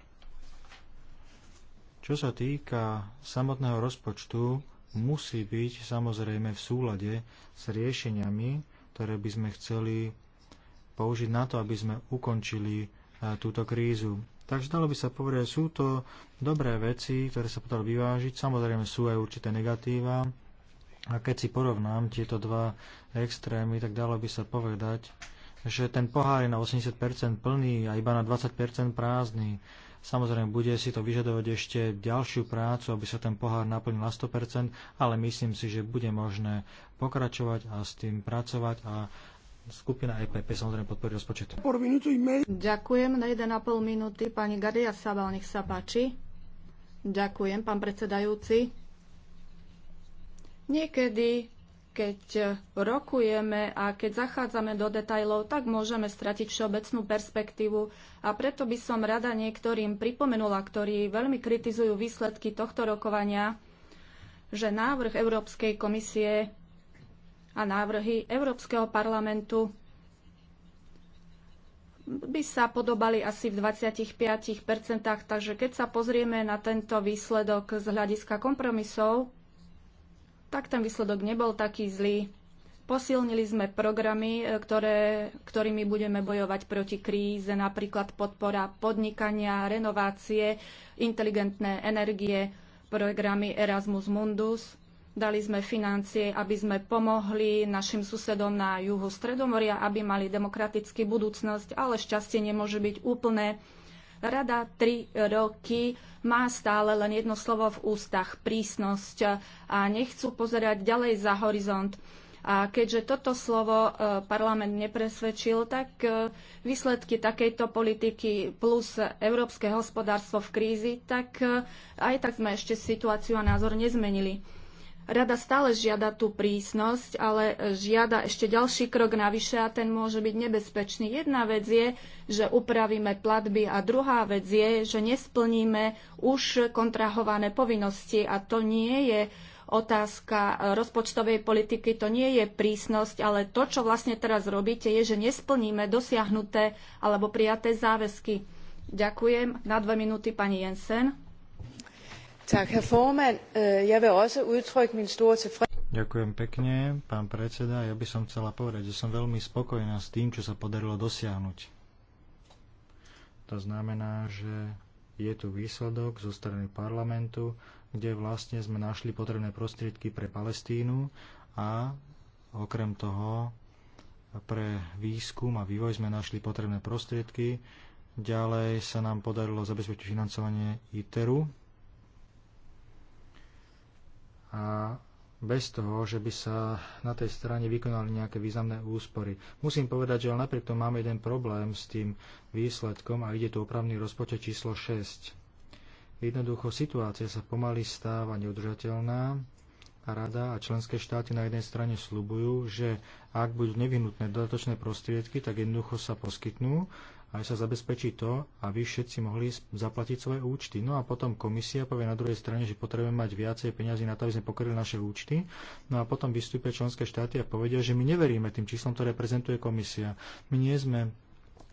Čo sa týka samotného rozpočtu, musí byť samozrejme v súlade s riešeniami, ktoré by sme chceli použiť na to, aby sme ukončili e, túto krízu. Takže dalo by sa povedať, sú to dobré veci, ktoré sa potom vyvážiť. Samozrejme sú aj určité negatíva. A keď si porovnám tieto dva extrémy, tak dalo by sa povedať, že ten pohár je na 80% plný a iba na 20% prázdny. Samozrejme, bude si to vyžadovať ešte ďalšiu prácu, aby sa ten pohár naplnil na 100%, ale myslím si, že bude možné pokračovať a s tým pracovať a skupina EPP samozrejme podporí rozpočet. Ďakujem na 1,5 minúty. Pani Gadia Sabal, nech sa páči. Ďakujem, pán predsedajúci. Niekedy keď rokujeme a keď zachádzame do detajlov, tak môžeme stratiť všeobecnú perspektívu. A preto by som rada niektorým pripomenula, ktorí veľmi kritizujú výsledky tohto rokovania, že návrh Európskej komisie a návrhy Európskeho parlamentu by sa podobali asi v 25%, takže keď sa pozrieme na tento výsledok z hľadiska kompromisov, tak ten výsledok nebol taký zlý. Posilnili sme programy, e, ktoré, ktorými budeme bojovať proti kríze, napríklad podpora podnikania, renovácie, inteligentné energie, programy Erasmus Mundus. Dali sme financie, aby sme pomohli našim susedom na juhu Stredomoria, aby mali demokratický budúcnosť, ale šťastie nemôže byť úplné. Rada tri roky má stále len jedno slovo v ústach, prísnosť a nechcú pozerať ďalej za horizont. A keďže toto slovo e, parlament nepresvedčil, tak e, výsledky takejto politiky plus európske hospodárstvo v krízi, tak e, aj tak sme ešte situáciu a názor nezmenili. Rada stále žiada tú prísnosť, ale žiada ešte ďalší krok navyše a ten môže byť nebezpečný. Jedna vec je, že upravíme platby a druhá vec je, že nesplníme už kontrahované povinnosti a to nie je otázka rozpočtovej politiky, to nie je prísnosť, ale to, čo vlastne teraz robíte, je, že nesplníme dosiahnuté alebo prijaté záväzky. Ďakujem. Na dve minúty pani Jensen. Øh, Ďakujem pekne, pán predseda. Ja by som chcela povedať, že som veľmi spokojná s tým, čo sa podarilo dosiahnuť. To znamená, že je tu výsledok zo strany parlamentu, kde vlastne sme našli potrebné prostriedky pre Palestínu a okrem toho pre výskum a vývoj sme našli potrebné prostriedky. Ďalej sa nám podarilo zabezpečiť financovanie ITERu, a bez toho, že by sa na tej strane vykonali nejaké významné úspory. Musím povedať, že ale napriek tomu máme jeden problém s tým výsledkom a ide tu opravný rozpočet číslo 6. Jednoducho situácia sa pomaly stáva neudržateľná a rada a členské štáty na jednej strane slubujú, že ak budú nevyhnutné dodatočné prostriedky, tak jednoducho sa poskytnú aj sa zabezpečí to, aby všetci mohli zaplatiť svoje účty. No a potom komisia povie na druhej strane, že potrebujeme mať viacej peniazy na to, aby sme pokryli naše účty. No a potom vystúpia členské štáty a povedia, že my neveríme tým číslom, ktoré prezentuje komisia. My nie sme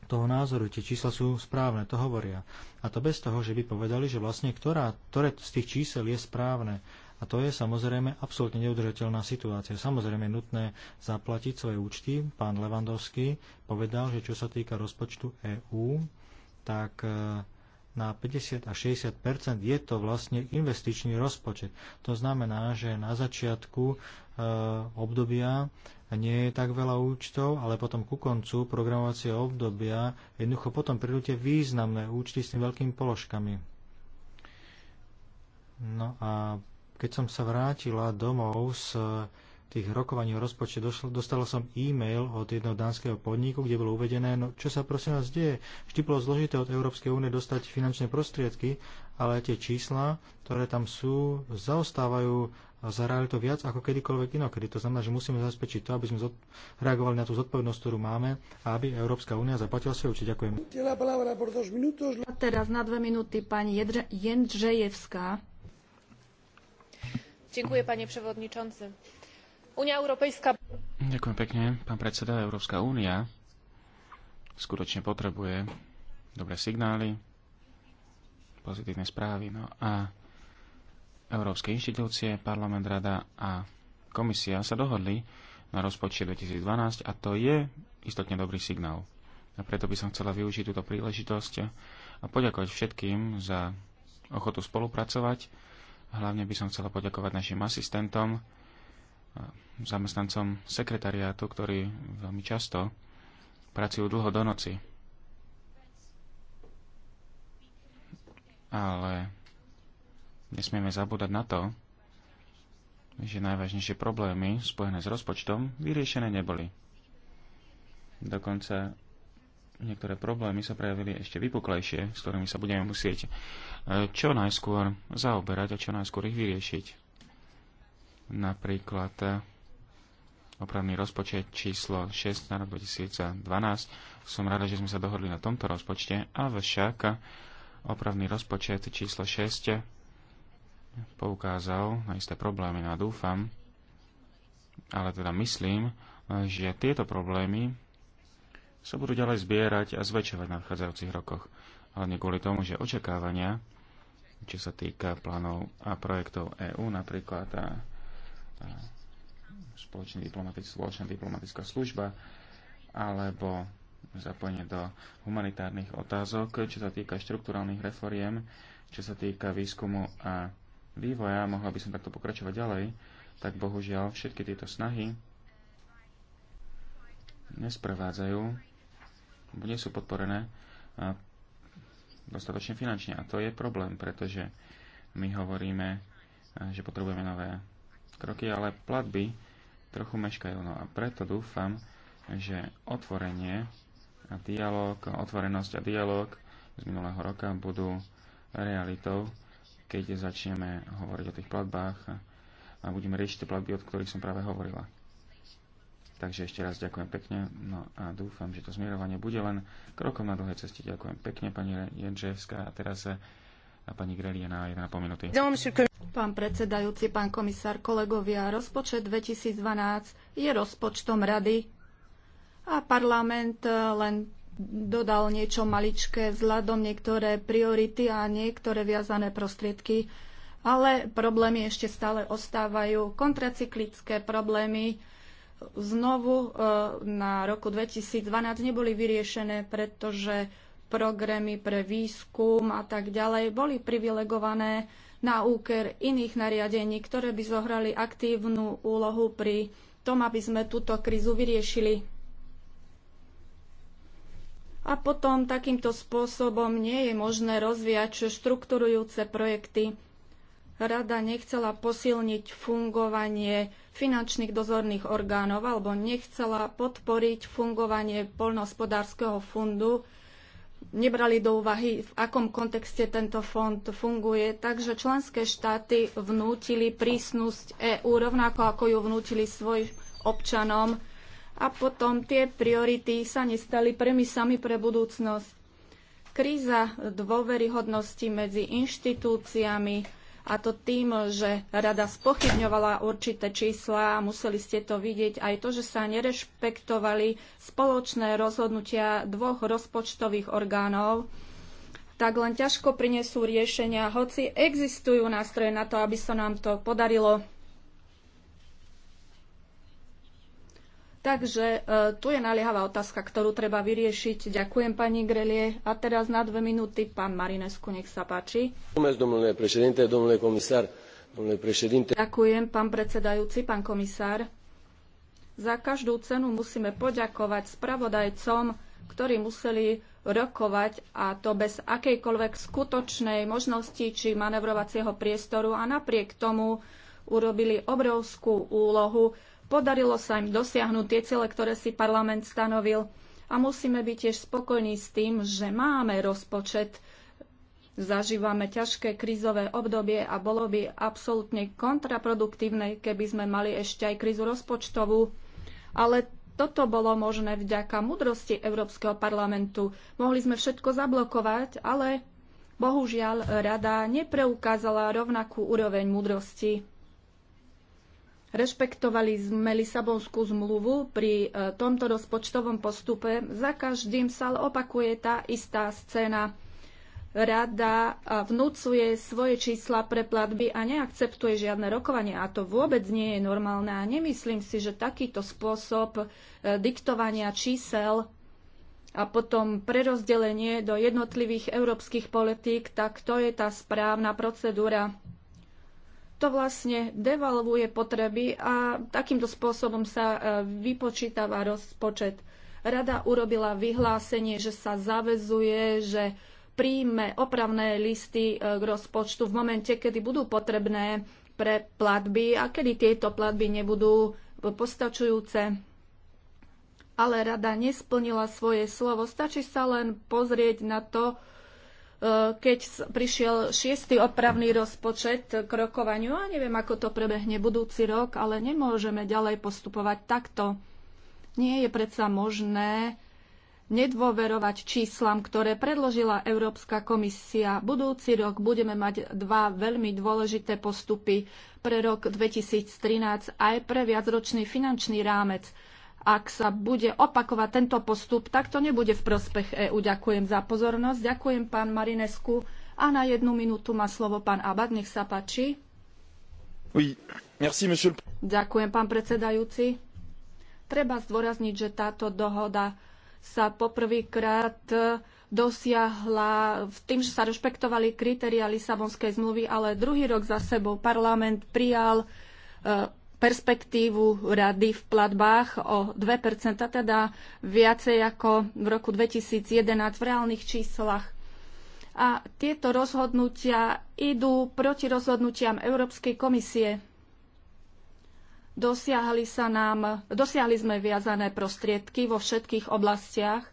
toho názoru, tie čísla sú správne, to hovoria. A to bez toho, že by povedali, že vlastne ktorá, ktoré z tých čísel je správne. A to je samozrejme absolútne neudržateľná situácia. Samozrejme je nutné zaplatiť svoje účty. Pán Levandovský povedal, že čo sa týka rozpočtu EÚ, tak e, na 50 a 60 je to vlastne investičný rozpočet. To znamená, že na začiatku e, obdobia nie je tak veľa účtov, ale potom ku koncu programovacieho obdobia jednoducho potom prídu tie významné účty s tým veľkými položkami. No a keď som sa vrátila domov z eh, tých rokovaní o rozpočte dostala som e-mail od jedného dánskeho podniku, kde bolo uvedené, no čo sa prosím vás deje. Vždy bolo zložité od Európskej únie dostať finančné prostriedky, ale tie čísla, ktoré tam sú, zaostávajú za to viac ako kedykoľvek inokedy. To znamená, že musíme zabezpečiť to, aby sme reagovali na tú zodpovednosť, ktorú máme a aby Európska únia zaplatila svoje určite. Ďakujem. A teraz na dve minúty pani Jendřejevská. Ďakujem, Unia Ďakujem pekne, pán predseda. Európska únia skutočne potrebuje dobré signály, pozitívne správy. No a európske inštitúcie, parlament, rada a komisia sa dohodli na rozpočte 2012 a to je istotne dobrý signál. A preto by som chcela využiť túto príležitosť a poďakovať všetkým za ochotu spolupracovať Hlavne by som chcela poďakovať našim asistentom, zamestnancom sekretariátu, ktorí veľmi často pracujú dlho do noci. Ale nesmieme zabúdať na to, že najvážnejšie problémy spojené s rozpočtom vyriešené neboli. Dokonca niektoré problémy sa prejavili ešte vypuklejšie, s ktorými sa budeme musieť e, čo najskôr zaoberať a čo najskôr ich vyriešiť. Napríklad e, opravný rozpočet číslo 6 na rok 2012. Som rada, že sme sa dohodli na tomto rozpočte, avšak opravný rozpočet číslo 6 poukázal na isté problémy, no dúfam, ale teda myslím, že tieto problémy sa budú ďalej zbierať a zväčšovať v nadchádzajúcich rokoch. Ale nie kvôli tomu, že očakávania, čo sa týka plánov a projektov EÚ, napríklad a, a spoločný diplomatick, spoločná diplomatická služba, alebo zapojenie do humanitárnych otázok, čo sa týka štruktúrálnych reforiem, čo sa týka výskumu a vývoja, mohla by som takto pokračovať ďalej, tak bohužiaľ všetky tieto snahy nesprevádzajú, nie sú podporené dostatočne finančne. A to je problém, pretože my hovoríme, že potrebujeme nové kroky, ale platby trochu meškajú. No a preto dúfam, že otvorenie a dialog, otvorenosť a dialog z minulého roka budú realitou, keď začneme hovoriť o tých platbách a budeme riešiť tie platby, od ktorých som práve hovorila. Takže ešte raz ďakujem pekne no a dúfam, že to zmierovanie bude len krokom na dlhej ceste. Ďakujem pekne pani Jenževská a teraz eh, a pani Grelia na 1,5 minúty. Pán predsedajúci, pán komisár, kolegovia, rozpočet 2012 je rozpočtom rady a parlament eh, len dodal niečo maličké vzhľadom niektoré priority a niektoré viazané prostriedky, ale problémy ešte stále ostávajú. Kontracyklické problémy, znovu e, na roku 2012 neboli vyriešené, pretože programy pre výskum a tak ďalej boli privilegované na úker iných nariadení, ktoré by zohrali aktívnu úlohu pri tom, aby sme túto krízu vyriešili. A potom takýmto spôsobom nie je možné rozvíjať štrukturujúce projekty rada nechcela posilniť fungovanie finančných dozorných orgánov alebo nechcela podporiť fungovanie poľnohospodárskeho fondu, nebrali do úvahy, v akom kontexte tento fond funguje. Takže členské štáty vnútili prísnosť EÚ rovnako ako ju vnútili svojim občanom a potom tie priority sa nestali premisami pre budúcnosť. Kríza dôveryhodnosti medzi inštitúciami a to tým, že rada spochybňovala určité čísla a museli ste to vidieť aj to, že sa nerešpektovali spoločné rozhodnutia dvoch rozpočtových orgánov, tak len ťažko prinesú riešenia, hoci existujú nástroje na to, aby sa nám to podarilo Takže e, tu je naliehavá otázka, ktorú treba vyriešiť. Ďakujem pani Grelie. A teraz na dve minúty pán Marinesku, nech sa páči. Ďakujem, pán predsedajúci, pán komisár. Za každú cenu musíme poďakovať spravodajcom, ktorí museli rokovať a to bez akejkoľvek skutočnej možnosti či manevrovacieho priestoru a napriek tomu urobili obrovskú úlohu Podarilo sa im dosiahnuť tie ciele, ktoré si parlament stanovil a musíme byť tiež spokojní s tým, že máme rozpočet, zažívame ťažké krízové obdobie a bolo by absolútne kontraproduktívne, keby sme mali ešte aj krízu rozpočtovú. Ale toto bolo možné vďaka mudrosti Európskeho parlamentu. Mohli sme všetko zablokovať, ale bohužiaľ rada nepreukázala rovnakú úroveň múdrosti. Rešpektovali sme Lisabonskú zmluvu pri e, tomto rozpočtovom postupe. Za každým sa opakuje tá istá scéna. Rada e, vnúcuje svoje čísla pre platby a neakceptuje žiadne rokovanie. A to vôbec nie je normálne. A nemyslím si, že takýto spôsob e, diktovania čísel a potom prerozdelenie do jednotlivých európskych politík, tak to je tá správna procedúra to vlastne devalvuje potreby a takýmto spôsobom sa e, vypočítava rozpočet. Rada urobila vyhlásenie, že sa zavezuje, že príjme opravné listy e, k rozpočtu v momente, kedy budú potrebné pre platby a kedy tieto platby nebudú postačujúce. Ale rada nesplnila svoje slovo. Stačí sa len pozrieť na to, E, keď prišiel šiestý opravný rozpočet k rokovaniu. A neviem, ako to prebehne budúci rok, ale nemôžeme ďalej postupovať takto. Nie je predsa možné nedôverovať číslam, ktoré predložila Európska komisia. Budúci rok budeme mať dva veľmi dôležité postupy pre rok 2013 aj pre viacročný finančný rámec ak sa bude opakovať tento postup, tak to nebude v prospech EÚ. Ďakujem za pozornosť. Ďakujem pán Marinesku. A na jednu minútu má slovo pán Abad. Nech sa páči. Oui. Merci, monsieur... Ďakujem, pán predsedajúci. Treba zdôrazniť, že táto dohoda sa poprvýkrát dosiahla v tým, že sa rešpektovali kritéria Lisabonskej zmluvy, ale druhý rok za sebou parlament prijal e, perspektívu rady v platbách o 2%, teda viacej ako v roku 2011 v reálnych číslach. A tieto rozhodnutia idú proti rozhodnutiam Európskej komisie. Dosiahli, sa nám, dosiahli sme viazané prostriedky vo všetkých oblastiach,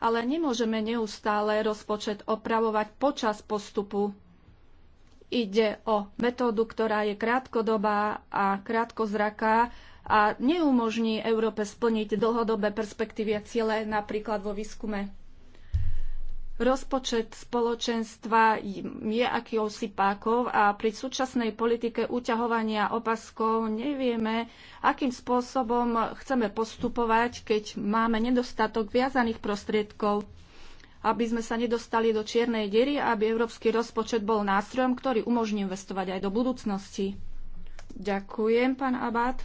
ale nemôžeme neustále rozpočet opravovať počas postupu Ide o metódu, ktorá je krátkodobá a krátkozraká a neumožní Európe splniť dlhodobé perspektívy a ciele napríklad vo výskume. Rozpočet spoločenstva je akýmsi pákov a pri súčasnej politike uťahovania opaskov nevieme, akým spôsobom chceme postupovať, keď máme nedostatok viazaných prostriedkov aby sme sa nedostali do čiernej diery a aby európsky rozpočet bol nástrojom, ktorý umožní investovať aj do budúcnosti. Ďakujem, pán Abad.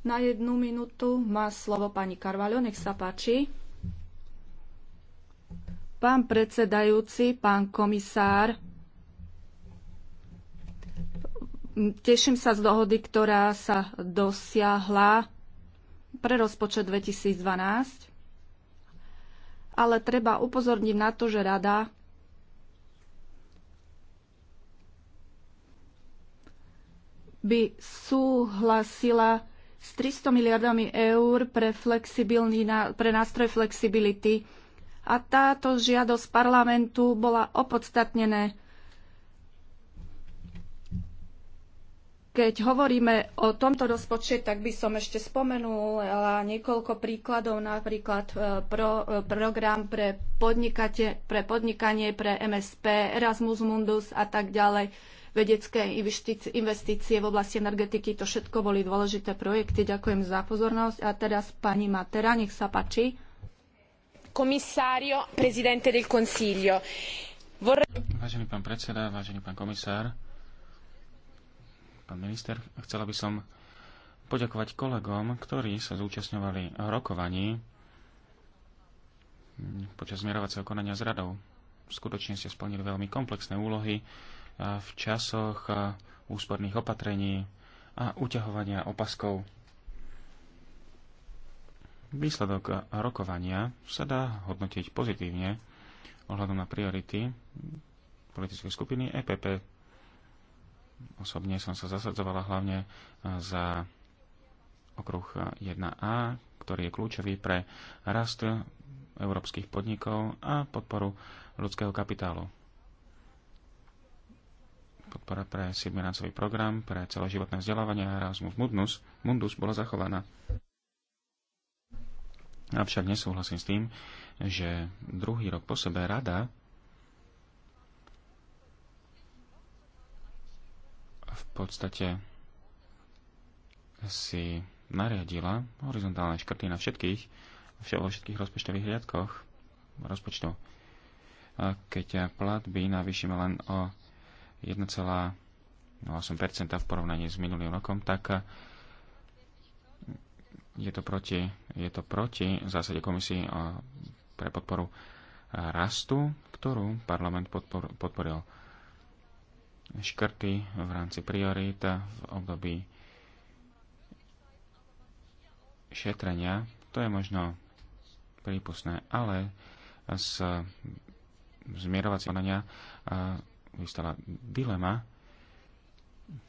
Na jednu minútu má slovo pani Karvalio, nech sa páči. Pán predsedajúci, pán komisár, teším sa z dohody, ktorá sa dosiahla pre rozpočet 2012 ale treba upozorniť na to, že rada by súhlasila s 300 miliardami eur pre, pre nástroj flexibility. A táto žiadosť parlamentu bola opodstatnené. Keď hovoríme o tomto rozpočte, tak by som ešte spomenula niekoľko príkladov, napríklad e, pro, e, program pre, pre podnikanie, pre MSP, Erasmus Mundus a tak ďalej, vedecké investície v oblasti energetiky, to všetko boli dôležité projekty. Ďakujem za pozornosť. A teraz pani Matera, nech sa páči. Komisário, prezidente del Consiglio. Vor... Vážený pán predseda, vážený pán komisár, pán minister. Chcela by som poďakovať kolegom, ktorí sa zúčastňovali rokovaní počas zmierovacieho konania s radou. Skutočne ste splnili veľmi komplexné úlohy v časoch úsporných opatrení a uťahovania opaskov. Výsledok rokovania sa dá hodnotiť pozitívne ohľadom na priority politickej skupiny EPP osobne som sa zasadzovala hlavne e, za okruh 1A, ktorý je kľúčový pre rast európskych podnikov a podporu ľudského kapitálu. Podpora pre 7 program pre celoživotné vzdelávanie Erasmus Mundus, Mundus bola zachovaná. Avšak nesúhlasím s tým, že druhý rok po sebe rada v podstate si nariadila horizontálne škrty na všetkých, vo všetkých rozpočtových riadkoch rozpočtu. Keď platby navýšime len o 1,8% v porovnaní s minulým rokom, tak e, je to proti, je to proti v zásade komisii e, pre podporu rastu, ktorú parlament podpor, podporil škrty v rámci priorít v období šetrenia. To je možno prípustné, ale z zmierovacieho konania vystala dilema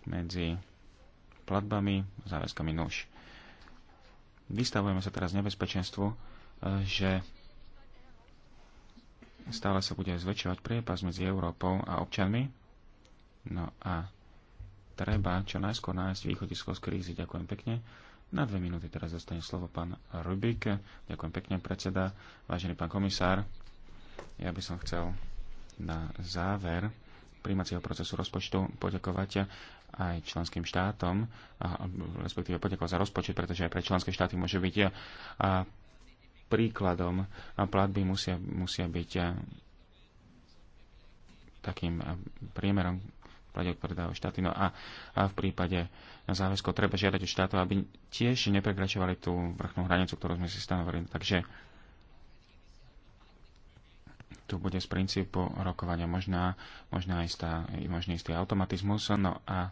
medzi platbami a záväzkami nuž. Vystavujeme sa teraz nebezpečenstvu, e, že stále sa bude zväčšovať priepas medzi Európou a občanmi, No a treba čo najskôr nájsť východisko z krízy. Ďakujem pekne. Na dve minúty teraz dostane slovo pán Rubik. Ďakujem pekne, predseda. Vážený pán komisár, ja by som chcel na záver príjmacieho procesu rozpočtu poďakovať aj členským štátom, a, respektíve poďakovať za rozpočet, pretože aj pre členské štáty môže byť a, príkladom. A platby musia, musia byť a, takým priemerom, prípade, predávajú štáty. No a, a v prípade záväzkov treba žiadať od štátov, aby tiež neprekračovali tú vrchnú hranicu, ktorú sme si stanovili. Takže tu bude z princípu rokovania možná, možná istá, možný istý automatizmus, no a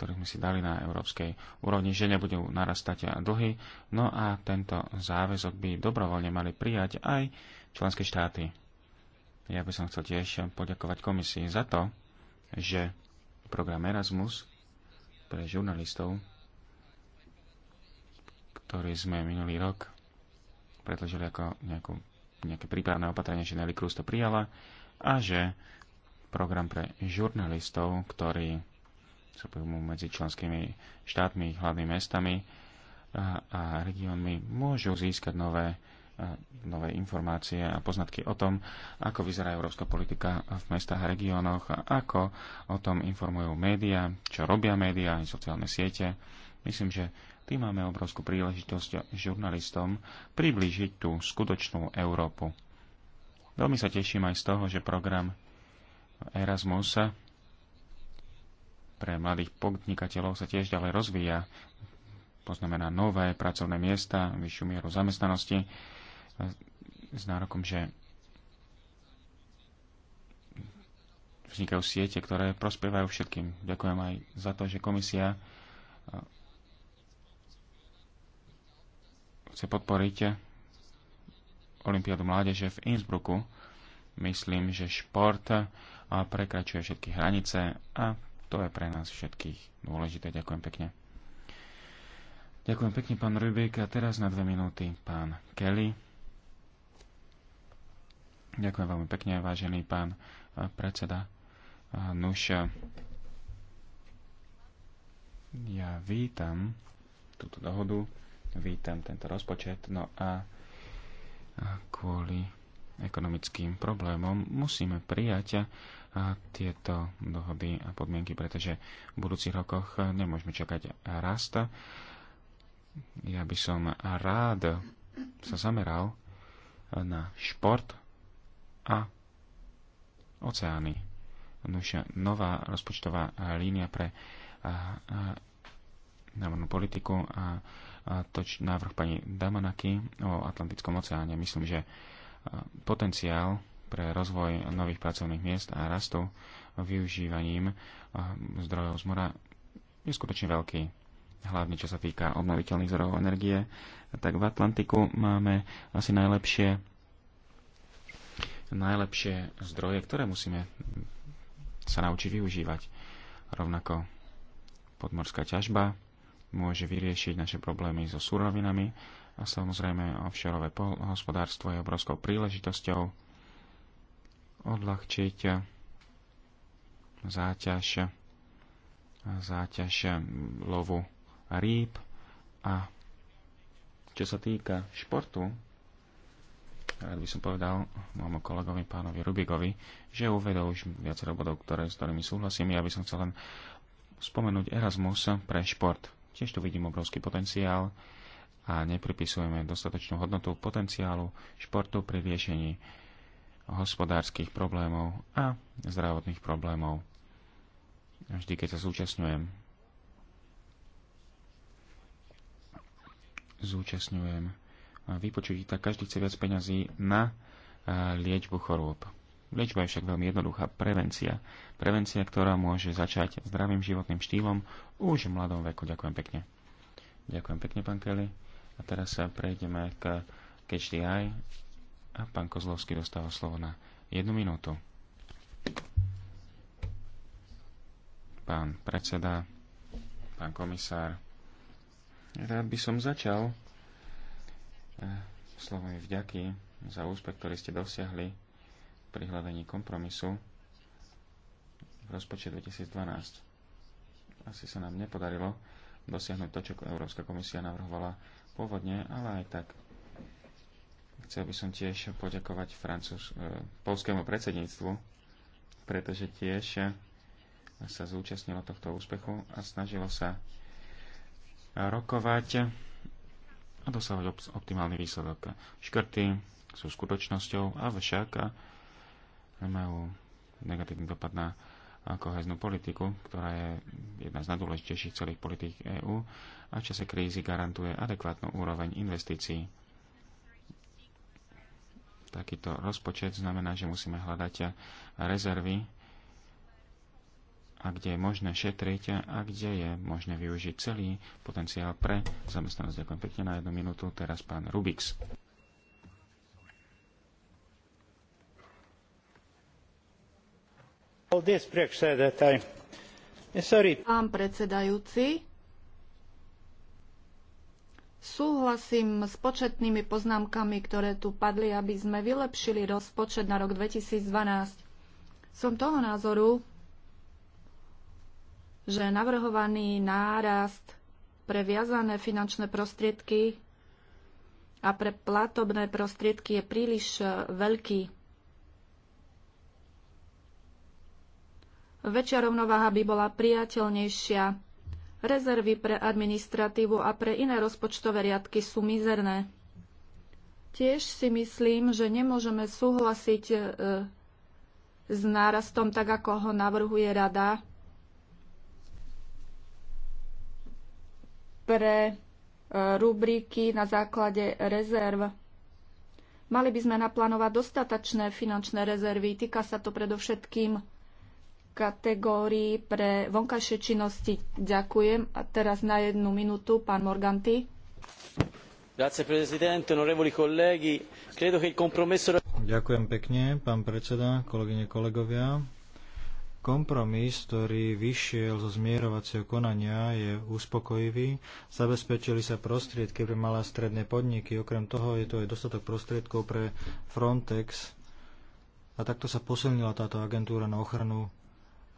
ktorý sme si dali na európskej úrovni, že nebudú narastať dlhy. No a tento záväzok by dobrovoľne mali prijať aj členské štáty. Ja by som chcel tiež poďakovať komisii za to, že program Erasmus pre žurnalistov, ktorý sme minulý rok predložili ako nejakú, nejaké prípravné opatrenie, že Nelly Cruz to prijala a že program pre žurnalistov, ktorí sa pojmú medzi členskými štátmi, hlavnými mestami a, a regiónmi, môžu získať nové nové informácie a poznatky o tom, ako vyzerá európska politika v mestách a regiónoch, ako o tom informujú médiá, čo robia médiá aj sociálne siete. Myslím, že tým máme obrovskú príležitosť žurnalistom priblížiť tú skutočnú Európu. Veľmi sa teším aj z toho, že program Erasmus pre mladých podnikateľov sa tiež ďalej rozvíja. Poznamená nové pracovné miesta, vyššiu mieru zamestnanosti s nárokom, že vznikajú siete, ktoré prospievajú všetkým. Ďakujem aj za to, že komisia chce podporiť Olympiádu mládeže v Innsbrucku. Myslím, že šport prekračuje všetky hranice a to je pre nás všetkých dôležité. Ďakujem pekne. Ďakujem pekne, pán Rubik. A teraz na dve minúty pán Kelly. Ďakujem veľmi pekne, vážený pán e, predseda. E, nuž, e, ja vítam túto dohodu, vítam tento rozpočet, no a kvôli ekonomickým problémom musíme prijať tieto dohody a podmienky, pretože v budúcich rokoch nemôžeme čakať rast. Ja by som rád sa zameral na šport, a oceány. Nová rozpočtová línia pre námornú politiku a, a toč návrh pani Damanaky o Atlantickom oceáne. Myslím, že potenciál pre rozvoj nových pracovných miest a rastu využívaním zdrojov z mora je skutočne veľký. Hlavne čo sa týka obnoviteľných zdrojov energie, tak v Atlantiku máme asi najlepšie najlepšie zdroje, ktoré musíme sa naučiť využívať. Rovnako podmorská ťažba môže vyriešiť naše problémy so surovinami a samozrejme offshore hospodárstvo je obrovskou príležitosťou odľahčiť záťaž, záťaž lovu rýb a čo sa týka športu, rád by som povedal môjmu kolegovi pánovi Rubigovi, že uvedol už viacero bodov, ktoré, s ktorými súhlasím. Ja by som chcel len spomenúť Erasmus pre šport. Tiež tu vidím obrovský potenciál a nepripisujeme dostatočnú hodnotu potenciálu športu pri riešení hospodárskych problémov a zdravotných problémov. Vždy, keď sa zúčastňujem, zúčastňujem Vypočuť tak každý chce viac peňazí na liečbu chorôb. Liečba je však veľmi jednoduchá. Prevencia. Prevencia, ktorá môže začať zdravým životným štýlom už v mladom veku. Ďakujem pekne. Ďakujem pekne, pán Kelly. A teraz sa prejdeme k Catch the Eye. A pán Kozlovský dostáva slovo na jednu minútu. Pán predseda, pán komisár, rád by som začal Eh, slovami vďaky za úspech, ktorý ste dosiahli pri hľadaní kompromisu v rozpočte 2012. Asi sa nám nepodarilo dosiahnuť to, čo Európska komisia navrhovala pôvodne, ale aj tak. Chcel by som tiež poďakovať francúz, eh, polskému predsedníctvu, pretože tiež sa zúčastnilo tohto úspechu a snažilo sa rokovať a dosahovať optimálny výsledok. Škrty sú skutočnosťou, avšak majú negatívny dopad na eh, koheznú politiku, ktorá je jedna z najdôležitejších celých politik EÚ a v čase krízy garantuje adekvátnu úroveň investícií. Takýto rozpočet znamená, že musíme hľadať rezervy a kde je možné šetriť a kde je možné využiť celý potenciál pre zamestnanosť. Ďakujem pekne na jednu minútu. Teraz pán Rubix. Pán predsedajúci, súhlasím s početnými poznámkami, ktoré tu padli, aby sme vylepšili rozpočet na rok 2012. Som toho názoru, že navrhovaný nárast pre viazané finančné prostriedky a pre platobné prostriedky je príliš e, veľký. Väčšia rovnováha by bola priateľnejšia. Rezervy pre administratívu a pre iné rozpočtové riadky sú mizerné. Tiež si myslím, že nemôžeme súhlasiť e, e, s nárastom tak, ako ho navrhuje rada, pre e, rubriky na základe rezerv. Mali by sme naplánovať dostatočné finančné rezervy. Týka sa to predovšetkým kategórií pre vonkajšie činnosti. Ďakujem. A teraz na jednu minútu pán Morganti. Ďakujem pekne, pán predseda, kolegyne, kolegovia Kompromis, ktorý vyšiel zo zmierovacieho konania, je uspokojivý. Zabezpečili sa prostriedky pre malé a stredné podniky. Okrem toho je to aj dostatok prostriedkov pre Frontex. A takto sa posilnila táto agentúra na ochranu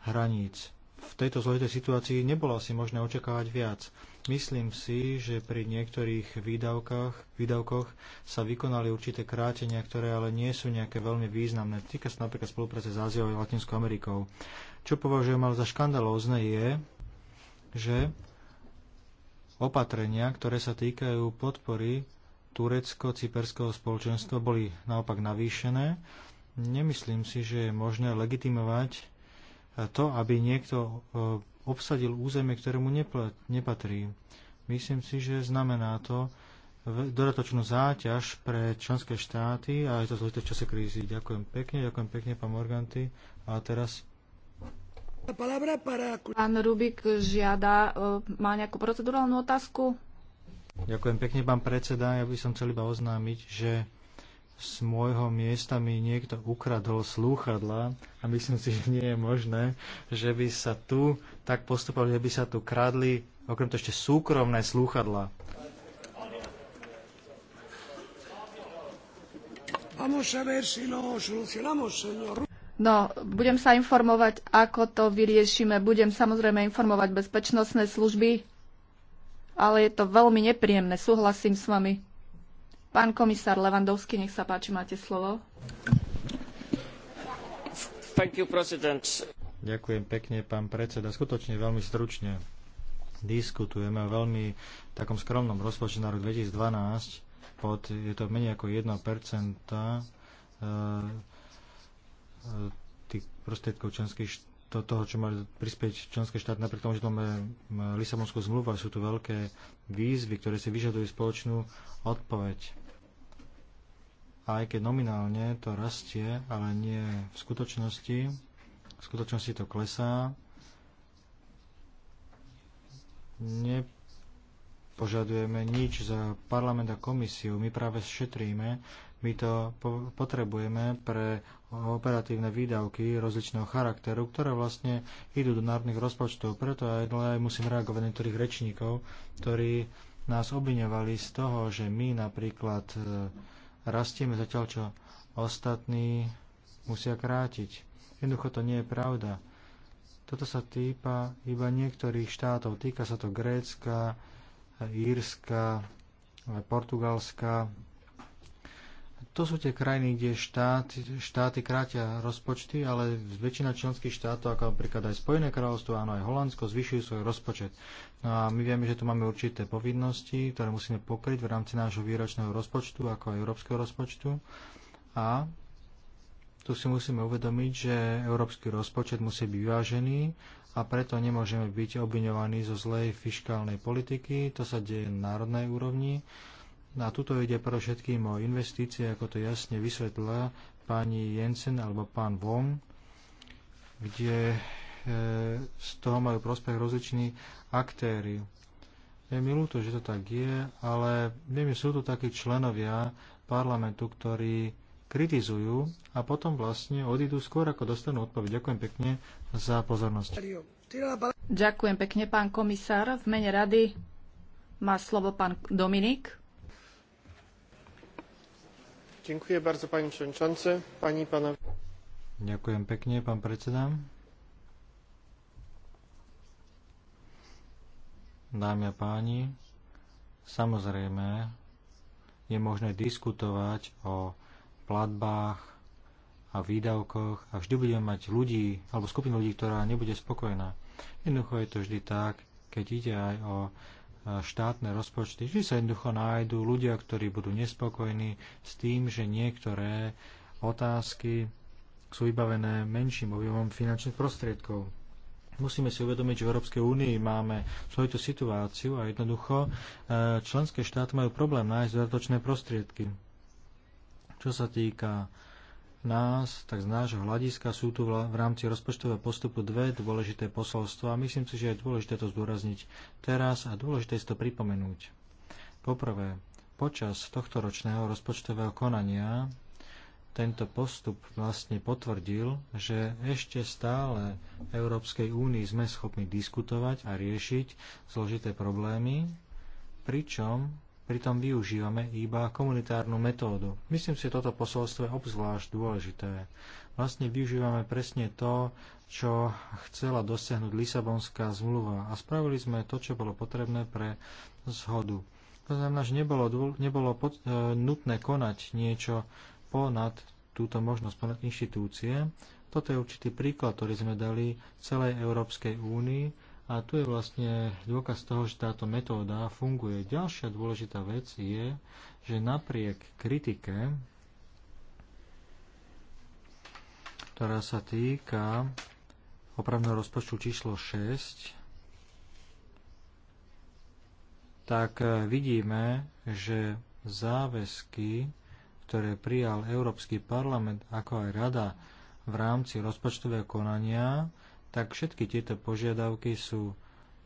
hraníc. V tejto zložitej situácii nebolo asi možné očakávať viac. Myslím si, že pri niektorých výdavkách, výdavkoch sa vykonali určité krátenia, ktoré ale nie sú nejaké veľmi významné. Týka sa napríklad spolupráce s Áziou a Latinskou Amerikou. Čo považujem ale za škandalózne je, že opatrenia, ktoré sa týkajú podpory turecko-cyperského spoločenstva, boli naopak navýšené. Nemyslím si, že je možné legitimovať to, aby niekto e, obsadil územie, ktorému nepatrí. Myslím si, že znamená to dodatočnú záťaž pre členské štáty a je to zložité v čase krízy. Ďakujem pekne, ďakujem pekne, pán Morganti. A teraz Pán Rubik žiada, e, má nejakú procedurálnu otázku? Ďakujem pekne, pán predseda. Ja by som chcel iba oznámiť, že z môjho miesta mi niekto ukradol slúchadla a myslím si, že nie je možné, že by sa tu tak postupovali, že by sa tu kradli okrem to ešte súkromné slúchadla. No, budem sa informovať, ako to vyriešime. Budem samozrejme informovať bezpečnostné služby, ale je to veľmi nepríjemné, súhlasím s vami. Pán komisár Levandovský, nech sa páči, máte slovo. You, Ďakujem pekne, pán predseda. Skutočne veľmi stručne diskutujeme o veľmi takom skromnom rozpočte na rok 2012. Pod, je to menej ako 1% eh, tých prostriedkov členských to, toho, čo mali prispieť členské štáty, napriek tomu, že máme eh, Lisabonskú zmluvu a sú tu veľké výzvy, ktoré si vyžadujú spoločnú odpoveď aj keď nominálne to rastie, ale nie v skutočnosti. V skutočnosti to klesá. Nepožadujeme nič za parlament a komisiu. My práve šetríme, my to potrebujeme pre operatívne výdavky rozličného charakteru, ktoré vlastne idú do národných rozpočtov. Preto aj, aj musím reagovať na niektorých rečníkov, ktorí nás obviňovali z toho, že my napríklad e, rastieme zatiaľ, čo ostatní musia krátiť. Jednoducho to nie je pravda. Toto sa týpa iba niektorých štátov. Týka sa to Grécka, Írska, Portugalska, to sú tie krajiny, kde štát, štáty krátia rozpočty, ale väčšina členských štátov, ako napríklad aj Spojené kráľovstvo, áno aj Holandsko, zvyšujú svoj rozpočet. No a my vieme, že tu máme určité povinnosti, ktoré musíme pokryť v rámci nášho výročného rozpočtu, ako aj európskeho rozpočtu. A tu si musíme uvedomiť, že európsky rozpočet musí byť vyvážený a preto nemôžeme byť obviňovaní zo zlej fiškálnej politiky. To sa deje na národnej úrovni. A tuto ide pre všetkým o investície, ako to jasne vysvetlila pani Jensen alebo pán Wong, kde e, z toho majú prospech rozliční aktéry. Je mi ľúto, že to tak je, ale viem, že sú tu takí členovia parlamentu, ktorí kritizujú a potom vlastne odídu skôr, ako dostanú odpoveď. Ďakujem pekne za pozornosť. Ďakujem pekne, pán komisár. V mene rady má slovo pán Dominik. Ďakujem bardzo, przewodniczący, pani panowie. pekne, pán predseda. Dámy a páni, samozrejme je možné diskutovať o platbách a výdavkoch a vždy budeme mať ľudí alebo skupinu ľudí, ktorá nebude spokojná. Jednoducho je to vždy tak, keď ide aj o štátne rozpočty, že sa jednoducho nájdú ľudia, ktorí budú nespokojní s tým, že niektoré otázky sú vybavené menším objemom finančných prostriedkov. Musíme si uvedomiť, že v Európskej únii máme svoju situáciu a jednoducho e, členské štáty majú problém nájsť dodatočné prostriedky. Čo sa týka nás, tak z nášho hľadiska sú tu v rámci rozpočtového postupu dve dôležité posolstva. Myslím si, že je dôležité to zdôrazniť teraz a dôležité si to pripomenúť. Poprvé, počas tohto ročného rozpočtového konania tento postup vlastne potvrdil, že ešte stále v Európskej únii sme schopní diskutovať a riešiť zložité problémy, pričom pritom využívame iba komunitárnu metódu. Myslím si, že toto posolstvo je obzvlášť dôležité. Vlastne využívame presne to, čo chcela dosiahnuť Lisabonská zmluva a spravili sme to, čo bolo potrebné pre zhodu. To znamená, že nebolo, nebolo pod, e, nutné konať niečo ponad túto možnosť, ponad inštitúcie. Toto je určitý príklad, ktorý sme dali celej Európskej únii a tu je vlastne dôkaz toho, že táto metóda funguje. Ďalšia dôležitá vec je, že napriek kritike, ktorá sa týka opravného rozpočtu číslo 6, tak e, vidíme, že záväzky, ktoré prijal Európsky parlament ako aj Rada v rámci rozpočtového konania, tak všetky tieto požiadavky sú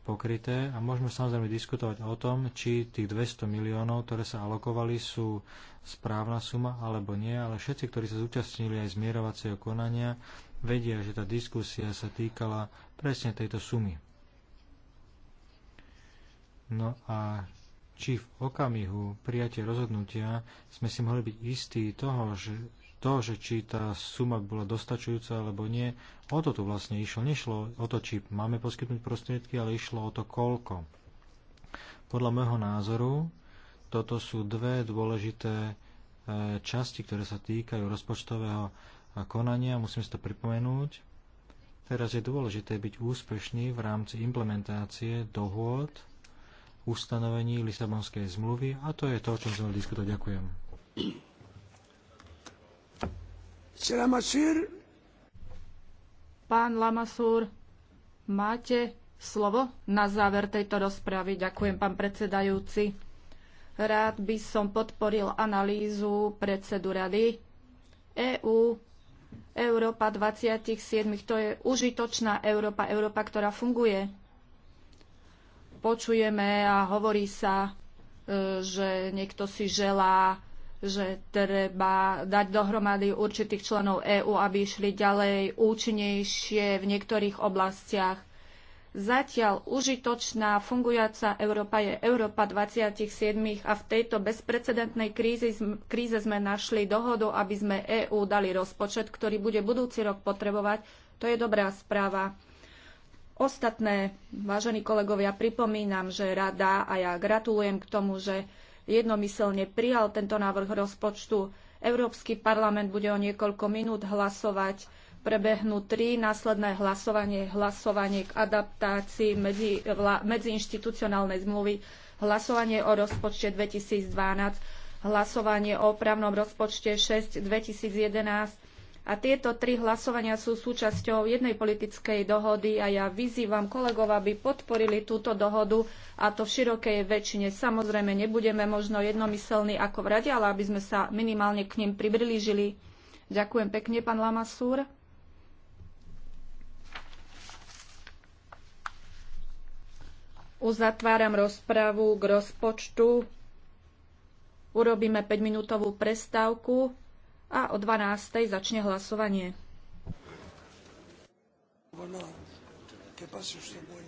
pokryté a môžeme samozrejme diskutovať o tom, či tých 200 miliónov, ktoré sa alokovali, sú správna suma alebo nie, ale všetci, ktorí sa zúčastnili aj zmierovacieho konania, vedia, že tá diskusia sa týkala presne tejto sumy. No a či v okamihu prijatia rozhodnutia sme si mohli byť istí toho, že to, že či tá suma bola dostačujúca alebo nie, o to tu vlastne išlo. Nešlo o to, či máme poskytnúť prostriedky, ale išlo o to, koľko. Podľa môjho názoru toto sú dve dôležité e, časti, ktoré sa týkajú rozpočtového e, konania. Musím si to pripomenúť. Teraz je dôležité byť úspešný v rámci implementácie dohôd ustanovení Lisabonskej zmluvy a to je to, o čom sme diskutovať. Ďakujem. Pán Lamasúr, máte slovo na záver tejto rozpravy. Ďakujem, pán predsedajúci. Rád by som podporil analýzu predsedu rady EÚ EU, Európa 27. To je užitočná Európa, Európa, ktorá funguje počujeme a hovorí sa, e, že niekto si želá, že treba dať dohromady určitých členov EÚ, aby išli ďalej účinnejšie v niektorých oblastiach. Zatiaľ užitočná fungujaca Európa je Európa 27 a v tejto bezprecedentnej krízi, kríze sme našli dohodu, aby sme EÚ dali rozpočet, ktorý bude budúci rok potrebovať. To je dobrá správa. Ostatné, vážení kolegovia, pripomínam, že rada a ja gratulujem k tomu, že jednomyselne prijal tento návrh rozpočtu. Európsky parlament bude o niekoľko minút hlasovať. Prebehnú tri následné hlasovanie, hlasovanie k adaptácii medzi, vla, medziinstitucionálnej zmluvy, hlasovanie o rozpočte 2012, hlasovanie o právnom rozpočte 6 2011 a tieto tri hlasovania sú súčasťou jednej politickej dohody a ja vyzývam kolegov, aby podporili túto dohodu a to v širokej väčšine. Samozrejme, nebudeme možno jednomyselní ako v rade, ale aby sme sa minimálne k ním priblížili. Ďakujem pekne, pán Lamasúr. Uzatváram rozpravu k rozpočtu. Urobíme 5-minútovú prestávku a o 12.00 začne hlasovanie. Bueno, ¿qué pasa usted?